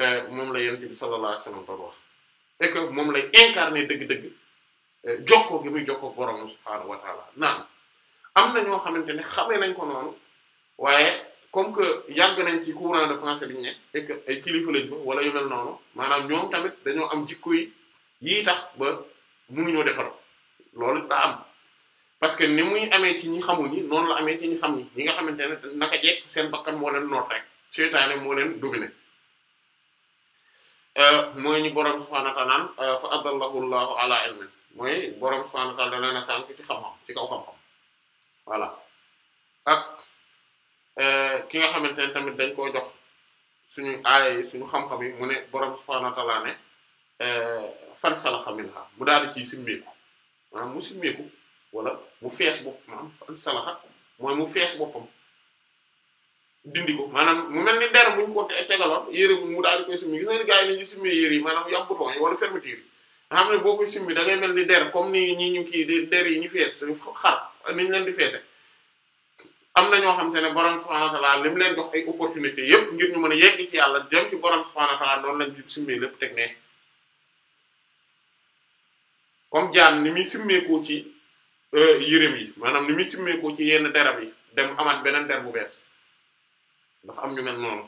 euh, moom la yonent bi sallallahu alayhi wasallam doon wax et que moom lay incarner dëgg-dëgg euh, jokkoo gi muy jokkoo borom subhaanahu wa taala am na ñoo xamante ne xamee nañ ko noonu waaye comme que yàgg nañ ci courant de pensée ñu ne et que ay kilifa lañ fa wala yu mel noonu maanaam ñoom tamit dañoo am jikko yi yii tax ba mënuñoo defar loolu daa am parce que ni muy amee ci ñi xamul ñi noonu la amee ci ñi xam ñi ñi nga xamante ne naka jekk seen bakkan moo leen noot rek seytaane moo leen dominé euh, mooy ñu boroom subhaanahu wa ta'aala euh, fa adallahu allahu ala ilmin mooy boroom subhaanahu wa ta'aala da leen a sànk ci xam ci kaw xam-xam voilà Euh, ki nga xamante ne tamit dañ koo jox suñu aaya yi suñu xam-xam yi mu ne borom subhaanahu wa ta'ala ne euh, fan salaxa minha mu daal di ciy simmeeku mu simmeeku mu fees bopp maanaam fan salaxa mooy mu ko maanaam mu mel ni der buñ ko tegaloon yére bu mu daal di koy simmi gis nga gaa yi nañu simmi yére yi maanaam yam bouton yi wala fermeture yi nga xam ne boo koy simmi da ngay mel ni der comme nii ñi ñu kii der yi ñu fees xar niñ leen di feese am na ñoo xamante ne borom subhaanahu wa ta'aala li mu leen jox ay opportunité yépp ngir ñu mën a yegg ci yàlla dem ci borom subhaanahu wa ta'aala noonu lañ simmee lépp teg ne comme jaan ni muy simmeekoo ci euh, yërëm yi maanaam ni muy simmeekoo ci yenn deram yi dem amaat beneen der bu bees dafa am ñu mel noonu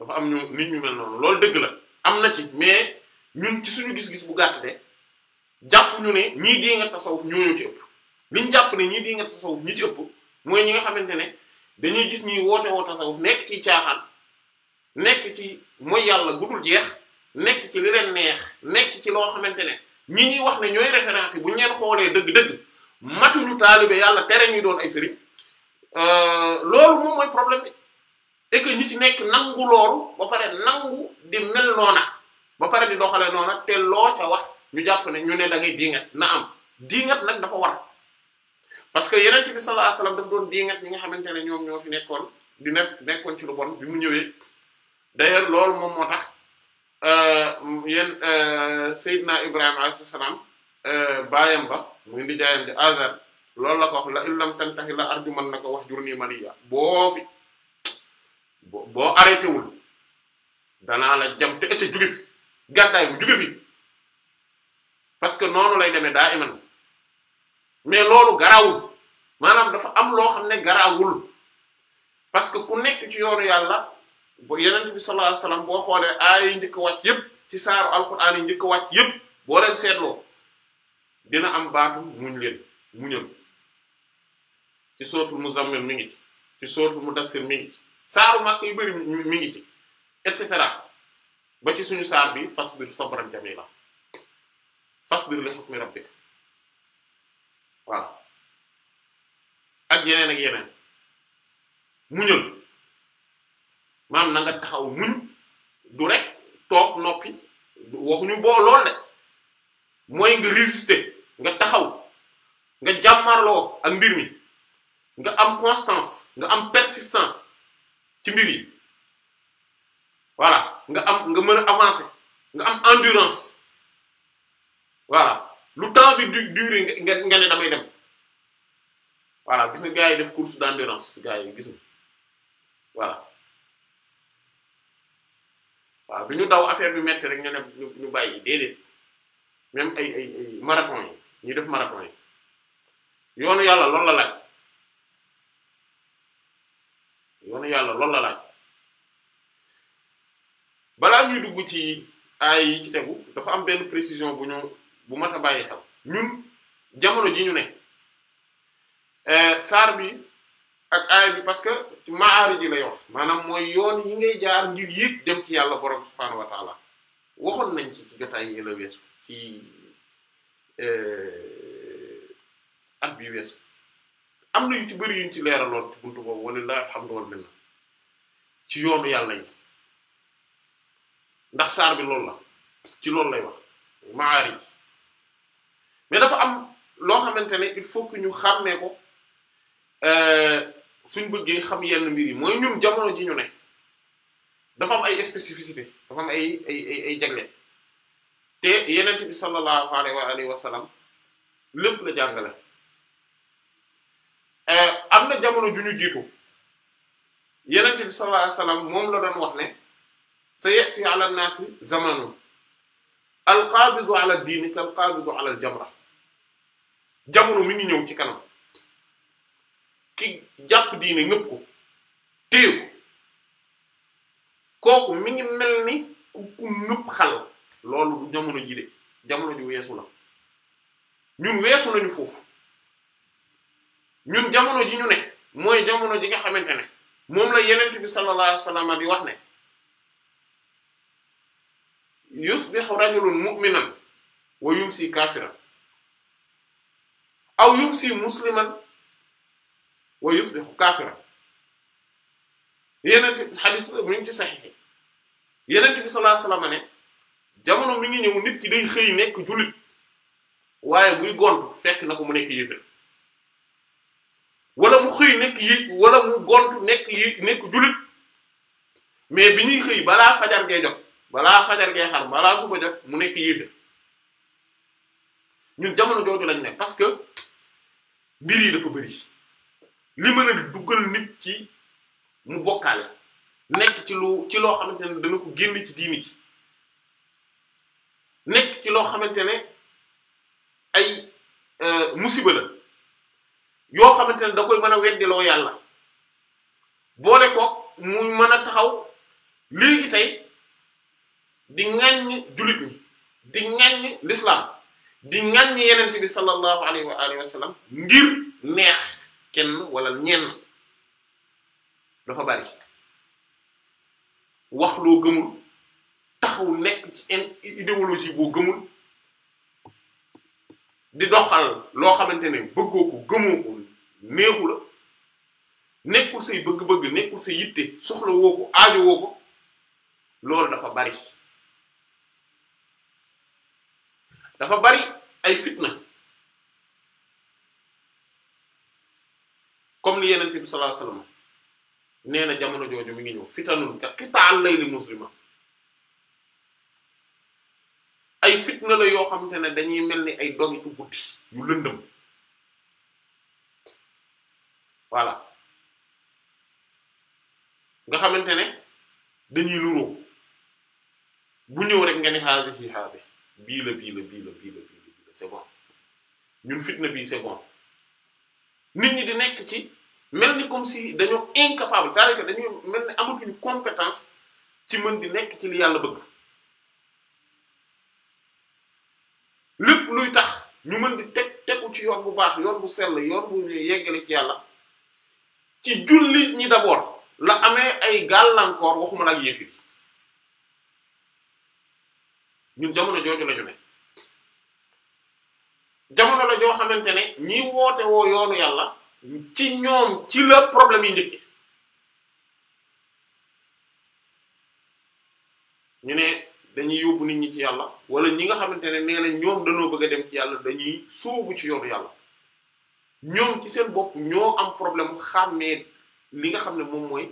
dafa am ñu nit ñu mel noonu loolu dëgg la am na ci mais ñun ci suñu gis-gis bu gàtt de jàpp ñu ne ñii dee nga tasawuf ñooñu ci ëpp li ñu jàpp ne ñi di nga tasawuf ñi ci ëpp mooy ñi nga xamante ne dañuy gis ñi woote woo tasawuf nekk ci caaxaan nekk ci mooy yàlla gudul jeex nekk ci li leen neex nekk ci loo xamante ne ñi ñuy wax ne ñooy référence yi ñu leen xoolee dëgg-dëgg matuñu taalibe yàlla tere ñuy doon ay sëriñ euh, loolu moom mooy problème bi et que ñi ci nekk nangu loolu ba pare nangu di mel noona ba pare di doxale noona te loo ca wax ñu jàpp ne ñu ne da ngay diingat na am diingat nag dafa war parce que yeneen bi sallallahu alayhi wasallam daf doon diingat ñi nga xamante ne ñoom ñoo fi nekkoon di nekk nekkoon ci lu bon bi mu ñëwee d'ailleurs loolu moom moo tax euh, yéen euh, Seydina Ibrahima salaam euh, baayam ba muy nijaayam di Azar loolu la ko wax la illam tantahi la arjumannaka wahjurni maliya boo fi boo boo arrêté danaa la jam te ete juge fi gàddaay bu parce que noonu lay demee daa iman mais loolu garawul maanaam dafa am loo xam ne garawul parce que ku nekk ci yoonu yàlla ba yeneen bi sallallahu alayhi boo xoolee aaya yi njëkk wàcc yëpp ci saaru alxuraan yi njëkk wàcc yëpp boo leen seetloo dina am baatu muñ leen muñal ci mu muzammil mi ngi ci ci sootul mudassir mi ngi ci saaru màkk yi bari mi ngi ci et cetera ba ci suñu saar bi fas fasbir sabran jamila fasbir li hukmi rabbika voilà ak yeneen ak yeneen muñal maanaam na nga taxaw muñ du rek toog noppi waxuñu boo lool de mooy nga résister nga taxaw nga jàmmarloo ak mbir mi nga am constance nga am persistance ci mbir yi voilà nga am nga mën a avancer nga am endurance voilà lu temps bi du duré nga nga ne damay dem voilà gis nga gars yi def course d'endurance gars yi gis nga voilà waaw bi ñu daw affaire bi metti rek nga ne ñu ñu bàyyi déedéet même ay ay ay marathon yi ñuy def marathon yi yoonu yàlla loolu la laaj yoonu yàlla loolu la laaj balaa ñuy dugg ci ay yi ci tegu dafa am benn précision bu ñu. bu mat a bàyyi xel ñun jamono ji ñu ne eh, saar bi ak aay bi parce que maari ji lay wax maanaam mooy yoon yi ngay jaar ngir yéeg dem ci yàlla borom subhaanahu wa taala waxoon nañ ci ci jotaay yi ci eh, at bi am na yu ci yuñ ci leeraloon ci buntu boobu walilahi alhamdu wal minna ci yoonu yàlla yi ndax saar bi loolu la ci loolu lay wax maari ji mais dafa am loo xamante ne il faut que ñu xàmmee ko euh, suñ bëggee xam yenn mbir mooy ñun jamono ji ñu ne dafa am ay spécificité dafa am ay ay jagle te yeneen bi sallallahu alayhi wa alihi wa sallam lépp la jàngale euh, am na jamono ju ñu jiitu yeneen bi sallallahu alayhi wa moom la doon wax ne sa yati ala naasi al qaabidu ala diini kal qaabidu ala al jamra jamono mi ngi ñëw ci kanam ki jàpp diine ngëpp ko téye ko kooku mi ngi mel ni ku ku nëpp xal loolu du jamono ji de jamono ji weesu la ñun weesu nañu foofu ñun jamono ji ñu ne mooy jamono ji nga xamante ne moom la yenent bi sallallahu alayhi wasallam di wax ne yusbihu rajulun mu'minan wa yumsi kaafiran aw yumsi musliman wa yusbihu kaafiran yeneen xadis mi ngi ci saxiix yeneen bi sallallahu alayhi wasallam ne jamono mi ngi ñëw nit ki day xëy nekk jullit waaye buy gontu fekk na ko mu nekk yéefér wala mu xëy nekk yi wala mu gontu nekk yi nekk jullit mais bi ñuy xëy balaa fajar gee jot balaa fajar ngay xar balaa suba jot mu nekk yéefér ñu jamono jooju lañ ne parce que mbir yi dafa bëri li mën a duggal nit ci mu bokkaale nekk ci lu ci loo xamante ne dana ko génn ci diini ci nekk ci loo xamante ne ay euh, musiba la yoo xamante ne da koy mën a weddiloo yàlla boole ko mu mën a taxaw léegi tey di ŋaññi jullit ñi di ŋaññi l'islam di ŋaññi yenente bi sallallahu alayhi wa ngir neex kenn walla ñenn dafa bari wax loo gëmul taxaw nekk ci idéologie boo gëmul di doxal loo xamante ne bëggoo ko gëmoo ko neexu la nekkul say bëgg-bëgg nekkul say yitte soxla woo ko aajo woo ko loolu dafa bari dafa bari ay fitna comme li yenente bi sallallahu alayhi wasallam nee na jamono jooju mi ngi ñëw fitanun ka qita'al layli muslima ay fitna la yoo xamante ne dañuy mel ni ay dogitu guddi yu lëndëm voilà nga xamante ne dañuy luroo bu ñëw rek nga ni xaasi fii xaasi bii la bii la bii la bii la bii la c'est bon ñun fitna bii c'est nit ñi di nekk ci mel ni comme si dañoo incapable c'est-à-dire dañoo mel ni amatuñu compétence ci mën di nekk ci li yàlla bëgg lépp luy tax ñu mën di teg tegu ci yoon bu baax yoon bu sell yoon bu ñu yeggale ci yàlla ci jullit ñi d'abord la amee ay gàllankoor waxuma la ak yëf yi ñun jamono jooju la ne jamono la joo xamante ne ñi woote woo yoonu yàlla ci ñoom ci la problème yi njëkk ñu ne dañuy yóbbu nit ñi ci yàlla wala ñi nga xamante ne nee na ñoom dañoo bëgg a dem ci yàlla dañuy sóobu ci yoonu yàlla ñoom ci seen bopp ñoo am problème xàmmee li nga xam ne moom mooy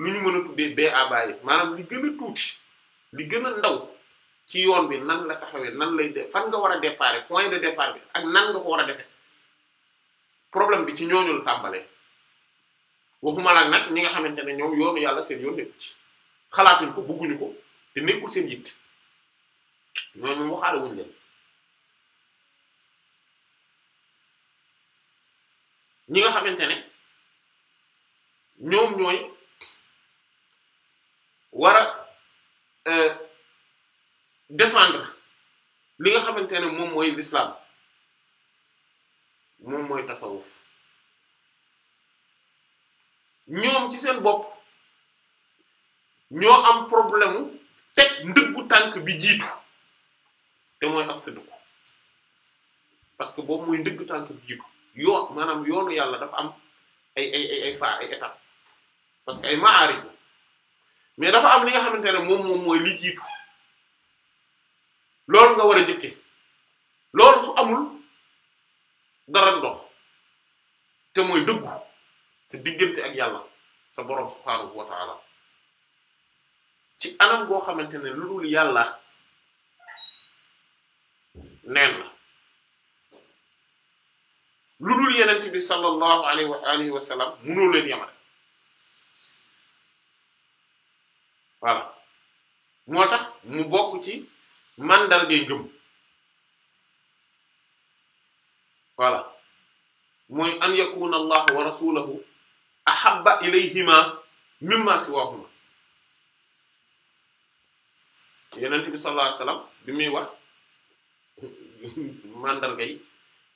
lu ñu mën a tuddee ba abaye maanaam li gën a tuuti li gën a ndaw ci yoon bi nan la taxawee nan lay def fan nga war a départ point de départ bi ak nan nga ko war a defee problème bi ci ñooñu la tàmbalee waxuma nag ñi nga xamante ne ñoom yàlla seen yoon ko bëgguñu ko te nekkul ñi nga xamante ne ñoom ñooy war euh, défendre li nga xamante ne moom mooy l'islam moom mooy tasawuf ñoom ci seen bopp ñoo am problème mu teg ndëggu tànk bi jiitu te mooy ak siddu ko parce que boobu mooy ndëggu tànk bi jiitu yoo maanaam yoonu yàlla dafa am ay ay ay ay ay étape parce que ay maari mais dafa am li nga xamante ne moom moom mooy li jiitu loolu nga war a jëkke loolu su amul dara dox te mooy dëggu sa diggante ak yàlla sa boroom subhaanahu wa ci anam goo xamante ne lu dul yàlla neen la lu dul yenent bi sallallahu alayhi wa alihi wa sallam leen yamale voilà moo tax mu bokk ci mandarga ngëm voilà mooy an yakuna allah wa rasuluhu ahabba ilayhima mimma siwahuma yenent bi sallallahu alayhi wasallam bi muy wax mandarga yi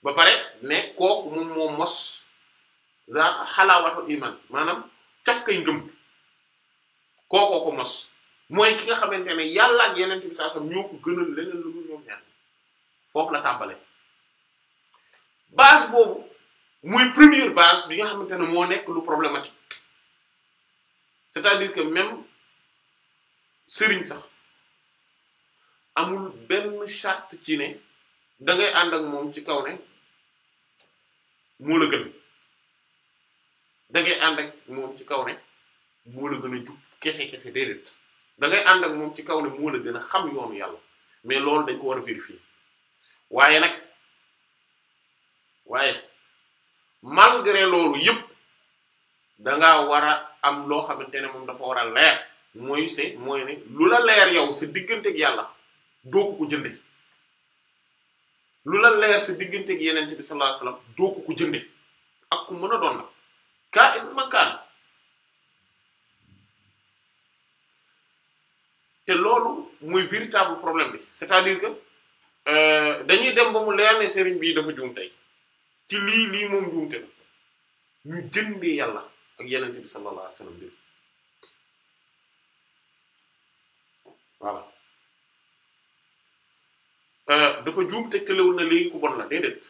ba pare ne kooku moom moo mos za xalaawatu iman maanaam caf kay ngëm kookoo ko mos mooy ki nga xamante ne yàlla ak yeneen bi saa ñoo ko gënal leneen lu dul ñoom ñaar foofu la tàmbalee base boobu muy première base bi nga xamante ne moo nekk lu problématique c'est-à-dire que même sëriñ sax amul benn charte ci ne da ngay ànd ak moom ci kaw ne moo la gën da ngay ànd ak moom ci kaw ne moo la gën a jug kese kese déedéet. dangay ànd ak moom ci kaw ne moo la a xam yoonu yàlla mais loolu dañ ko war a vérifier waaye nag waaye malgré loolu yëpp da ngaa war a am loo xamante ne moom dafa war a leer mooy se mooy ne lu la leer yow si digganteeg yàlla doo ko jënde lu la leer sa digganteeg yeneen bi sallallahu alayhi doo ko jënde ak ku mën a doon na kaa it makaan te loolu muy véritable problème bi c'est-à-dire que euh, dañuy dem ba mu leer ne sëriñ bii dafa juum tey ci lii lii moom juumte na ñu jëndee yàlla ak yeneen bi sallallahu alayhi euh, dafa juum tegtalewul na léegi ku bon la déedéet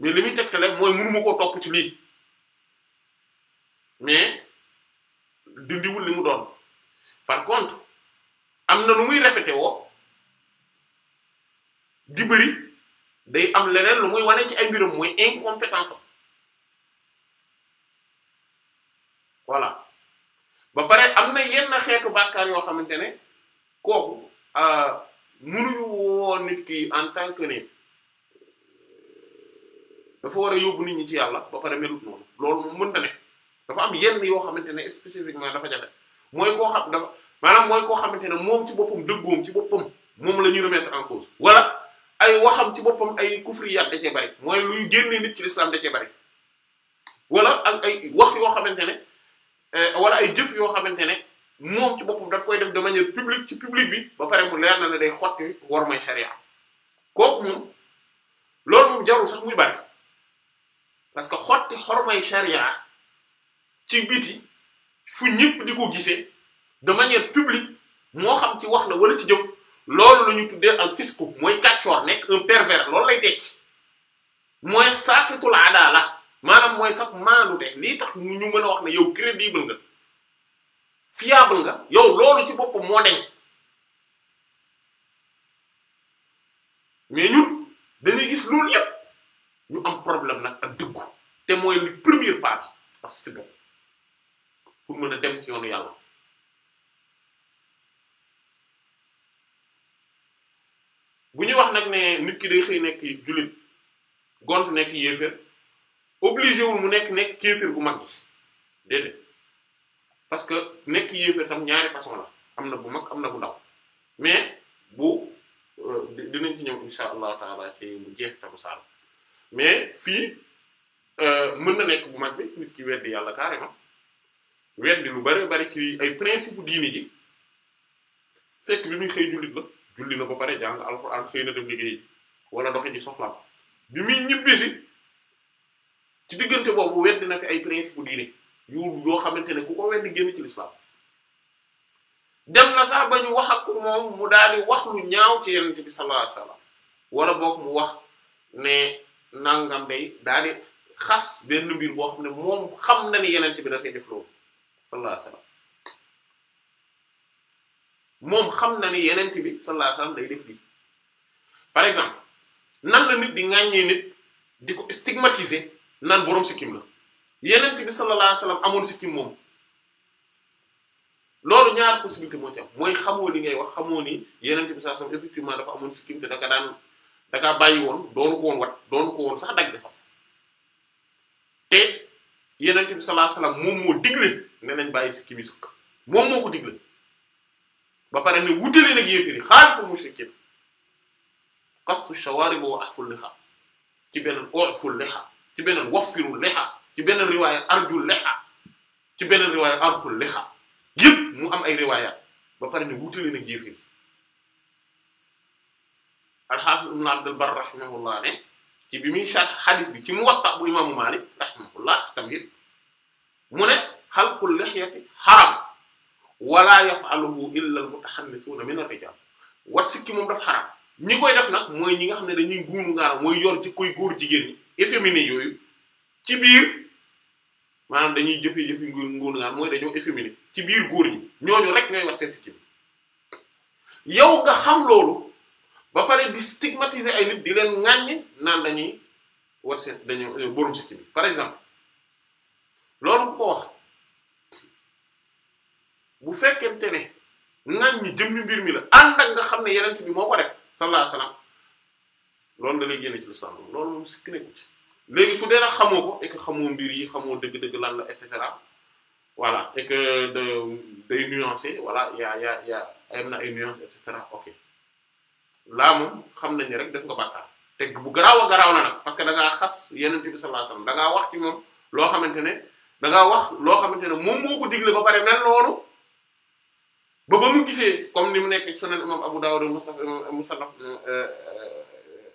mais li muy tegtale mooy mënuma koo topp ci lii mais dindiwul li mu doon par contre am na lu muy répété woo di bëri day am leneen lu muy wane ci ay mbiram mooy incompétence voilà ba pare am na yenn xeetu bàkkaar yoo xamante ne kooku euh, mënuñu woo nit ki en tant que ne dafa war a yóbbu nit ñi ci yàlla ba pare melut noonu loolu moom mënta ne dafa am yenn yoo xamante ne spécifiquement dafa jafe mooy koo xam dafa maanaam mooy koo xamante ne moom ci boppam dëggoom ci boppam moom la ñuy remettre en cause wala ay waxam ci boppam ay kufriyaat da cee mooy luy génne nit ci lislaam da cee bari wala ak ay wax yoo xamante ne euh, wala ay jëf yoo xamante ne moom ci boppam daf koy def dama manière publique ci publique bi ba pare mu leer na ne day xotti war may sharia kooku moom loolu moom jarul sax muy bari parce que xotti xormay sharia ci biti fu ñëpp di ko gisee de manière publique moo xam ci wax la wala ci jëf loolu la ñu tuddee al fisku mooy kàccoor nekk un pervers loolu lay tekki mooy saaxitul adaala maanaam mooy sax maandute lii tax ñu mën a wax ne yow crédible nga fiable nga yow loolu ci boppam moo deñ mais ñun dañuy gis loolu yëpp ñu am problème na ak dëggu te mooy li première part parce que pour mën a dem ci yoonu yàlla bu ñu wax nag ne nit ki day xëy nekk jullit gont nekk yéeféer obligé wul mu nekk nekk kéeféer bu mag bi déedéet parce que nekk yéeféer tam ñaari façon la am na bu mag am na bu ndaw mais bu euh, dinañ ci ñëw insha allah taala ci bu jeex tamu saal mais fii euh, mën na nekk bu mag bi nit ki weddi yàlla carrément weddi lu bari bari ci ay principe diini ji fekk bi muy xëy jullit la julli na ba pare jàng alxuraan xëy na dem liggéey wala doxe ji soxlaam bi muy ñibbisi ci diggante boobu weddi na fi ay principe diine yu yoo xamante ne ku ko weddi génn ci lislaam dem na sax ba ñu wax ak moom mu daal di wax lu ñaaw ci yonent bi sallallahu alayhi wasallam wala boog mu wax ne nangam day daal di xas benn mbir boo xam ne moom xam na ni yonent bi dafay def loolu sallallahu alayhi moom xam na ni yenent bi sallallahu alayhi wasallam day def lii par exemple nan la nit di ŋàññee nit di ko stigmatiser nan boroom sikkim la yenent bi sallallahu alayhi wasallam amoon sikkim moom loolu ñaar possibilité moo ci mooy xamoo li ngay wax xamoo ni yenent bi sallallahu alayhi wasallam dafa amoon sikkim te daka daan danga bàyyi woon doonu ko woon wat doonu ko woon sax dagg faf te yenent bi sallallahu alayhi moom moo digle ne nañ bàyyi sikkim yi sëkk moom moo ko digle ba pare ne wutali nag yéeféri xaalifu mushrikin qasfu shawarib wa ahful liha ci beneen uhful liha ci beneen waffiru liha ci beneen riwaaya arjul liha ci beneen riwaaya arxul liha yëpp mu am ay riwaaya ba pare ne wutali nag yéeféri alxaafis ibn abdul bar rahimahullah ne ci bi muy sharh xadis bi ci muwatta bu imaamu malik rahimahullah ci tamit mu ne xalqul lihyati xaram bu wala yaf'aluhu illa al-mutaxannisuuna min ar-rijaal wat sikki moom dafa xaraam ñi koy def nag mooy ñi nga xam ne dañuy guunu ngaanam mooy yor ci góor jigéen ñi efféminé yooyu ci biir maanaam dañuy jëfee jëfi nguunu ngaan mooy dañoo efféminé ci biir góor ñi ñooñu rek ngay wat seen sikki yow nga xam loolu ba pare di stigmatiser ay nit di leen ŋàññi naan dañuy wat seen dañu borom sikki bi par exemple loolu ko wax bu fekkente ne naan ñi jëmmi mbir mi la ànd ak nga xam ne yenent bi moo ko def sallallahu alayhi wasallam loolu da lay génne ci lislaam moom loolu moom sikk nekku ci léegi su dee nag xamoo ko et que xamoo mbir yi xamoo dëgg-dëgg lan la et cetera voilà et que day nuancé voilà yaa yaa yaa am na ay nuance et cetera ok laa moom xam nañ ne rek def nga bàkkaar te bu garaaw a garaaw la nag parce que da ngaa xas yenent bi sallallahu alayhi wasallam da ngaa wax ci moom loo xamante ne da ngaa wax loo xamante ne moom moo ko digle ba pare mel noonu ba ba mu gisee comme ni mu nekk ci sunan imam Abu Dawud Musnad Musnad eh, eh,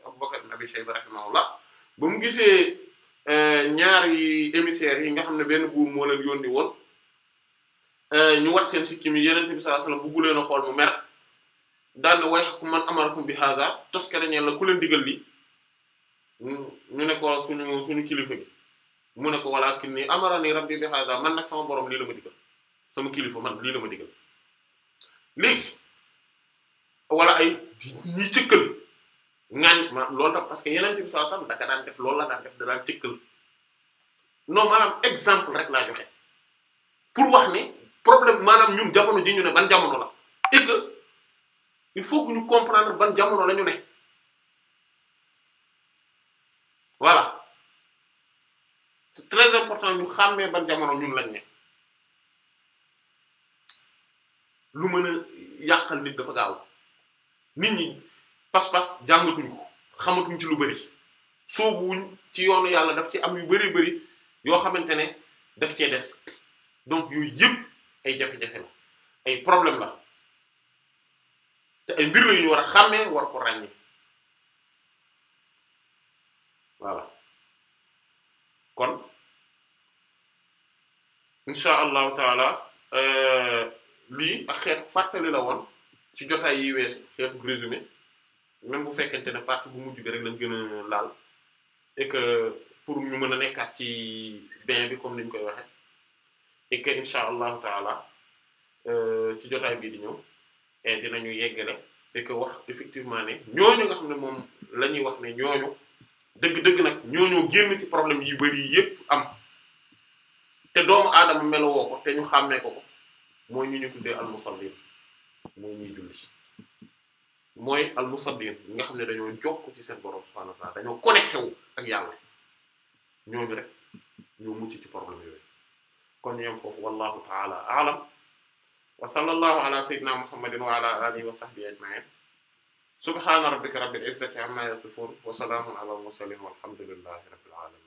Abu Bakr ibn Abi Shayba rahimahullah ba mu gisee eh, ñaari émissaires yi nga xam ne benn buur moo leen di woon ñu wat seen sikkim yi Yonent bi sallallahu alayhi wasallam bëggu a xool mu mer daan na wayhakum man amarakum bi tos toskare ñeel la ku leen digal li ñu ne ko suñu suñu kilifa gi mu ne ko walaakin nii amarani rabbi bi haza man nag sama borom lii la ma digal sama kilifa man lii la ma digal. léegi wala ay ñuy cëkkal ngaañ maanaam loolu tax parce que yeneen bi sallallahu alayhi daka daan def loolu la daan def da daan cëkkal non maanaam exemple rek laa joxe pour wax ne problème maanaam ñun jamono ji ñu ne ban jamono la et que il faut que ñu comprendre ban jamono la ñu ne voilà c'est très important ñu xàmmee ban jamono ñun lañ ne lu mën a yàqal nit dafa gaaw nit ñi pas-pas jàngatuñ xamatuñ ci lu bari soobuwuñ ci yoonu yàlla daf ci am yu bari bari yoo xamante ne daf cee des donc yooyu yëpp ay jafe-jafe la ay problème la te ay mbir la yu ñu war a xàmmee war ko ràññee voilà kon incha allahu taala. Euh, lii ak xeetu fàttali la woon ci jotaay yi weesu xeetu résumé même bu fekkente ne partie bu mujj bi rek lañ gën a laal et que pour ñu mën a nekkaat ci bain bi comme niñ koy waxe et que incha allahu taala euh, ci jotaay bii di ñëw et eh, dinañu yeggale et que wax effectivement ne ñooñu nga xam ne moom lañuy wax ne ñooñu dëgg-dëgg nag ñooñoo génn ci problème yi bari yépp am te doomu aadama melowoo ko te ñu xàmmee ko ko mooy ñu ñu tuddee al musallin mooy ñuy julli mooy al musallin ñi nga xam ne dañoo jokk ci seen borom subhanahu wa ta'ala dañoo connecté wu ak yàlla ñooñu rek ñoo mucc ci problème yooyu kon yem foofu wallahu ta'ala a'lam wa sallallahu ala sayyidina muhammadin wa ala alihi wa sahbihi ajma'in subhana rabbika rabbil izzati amma wa salamun ala al walhamdulillahi rabbil alamin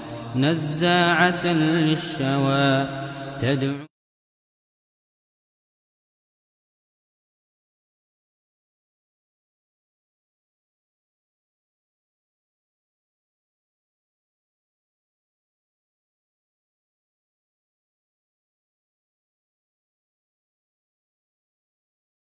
نزاعة للشوى تدعو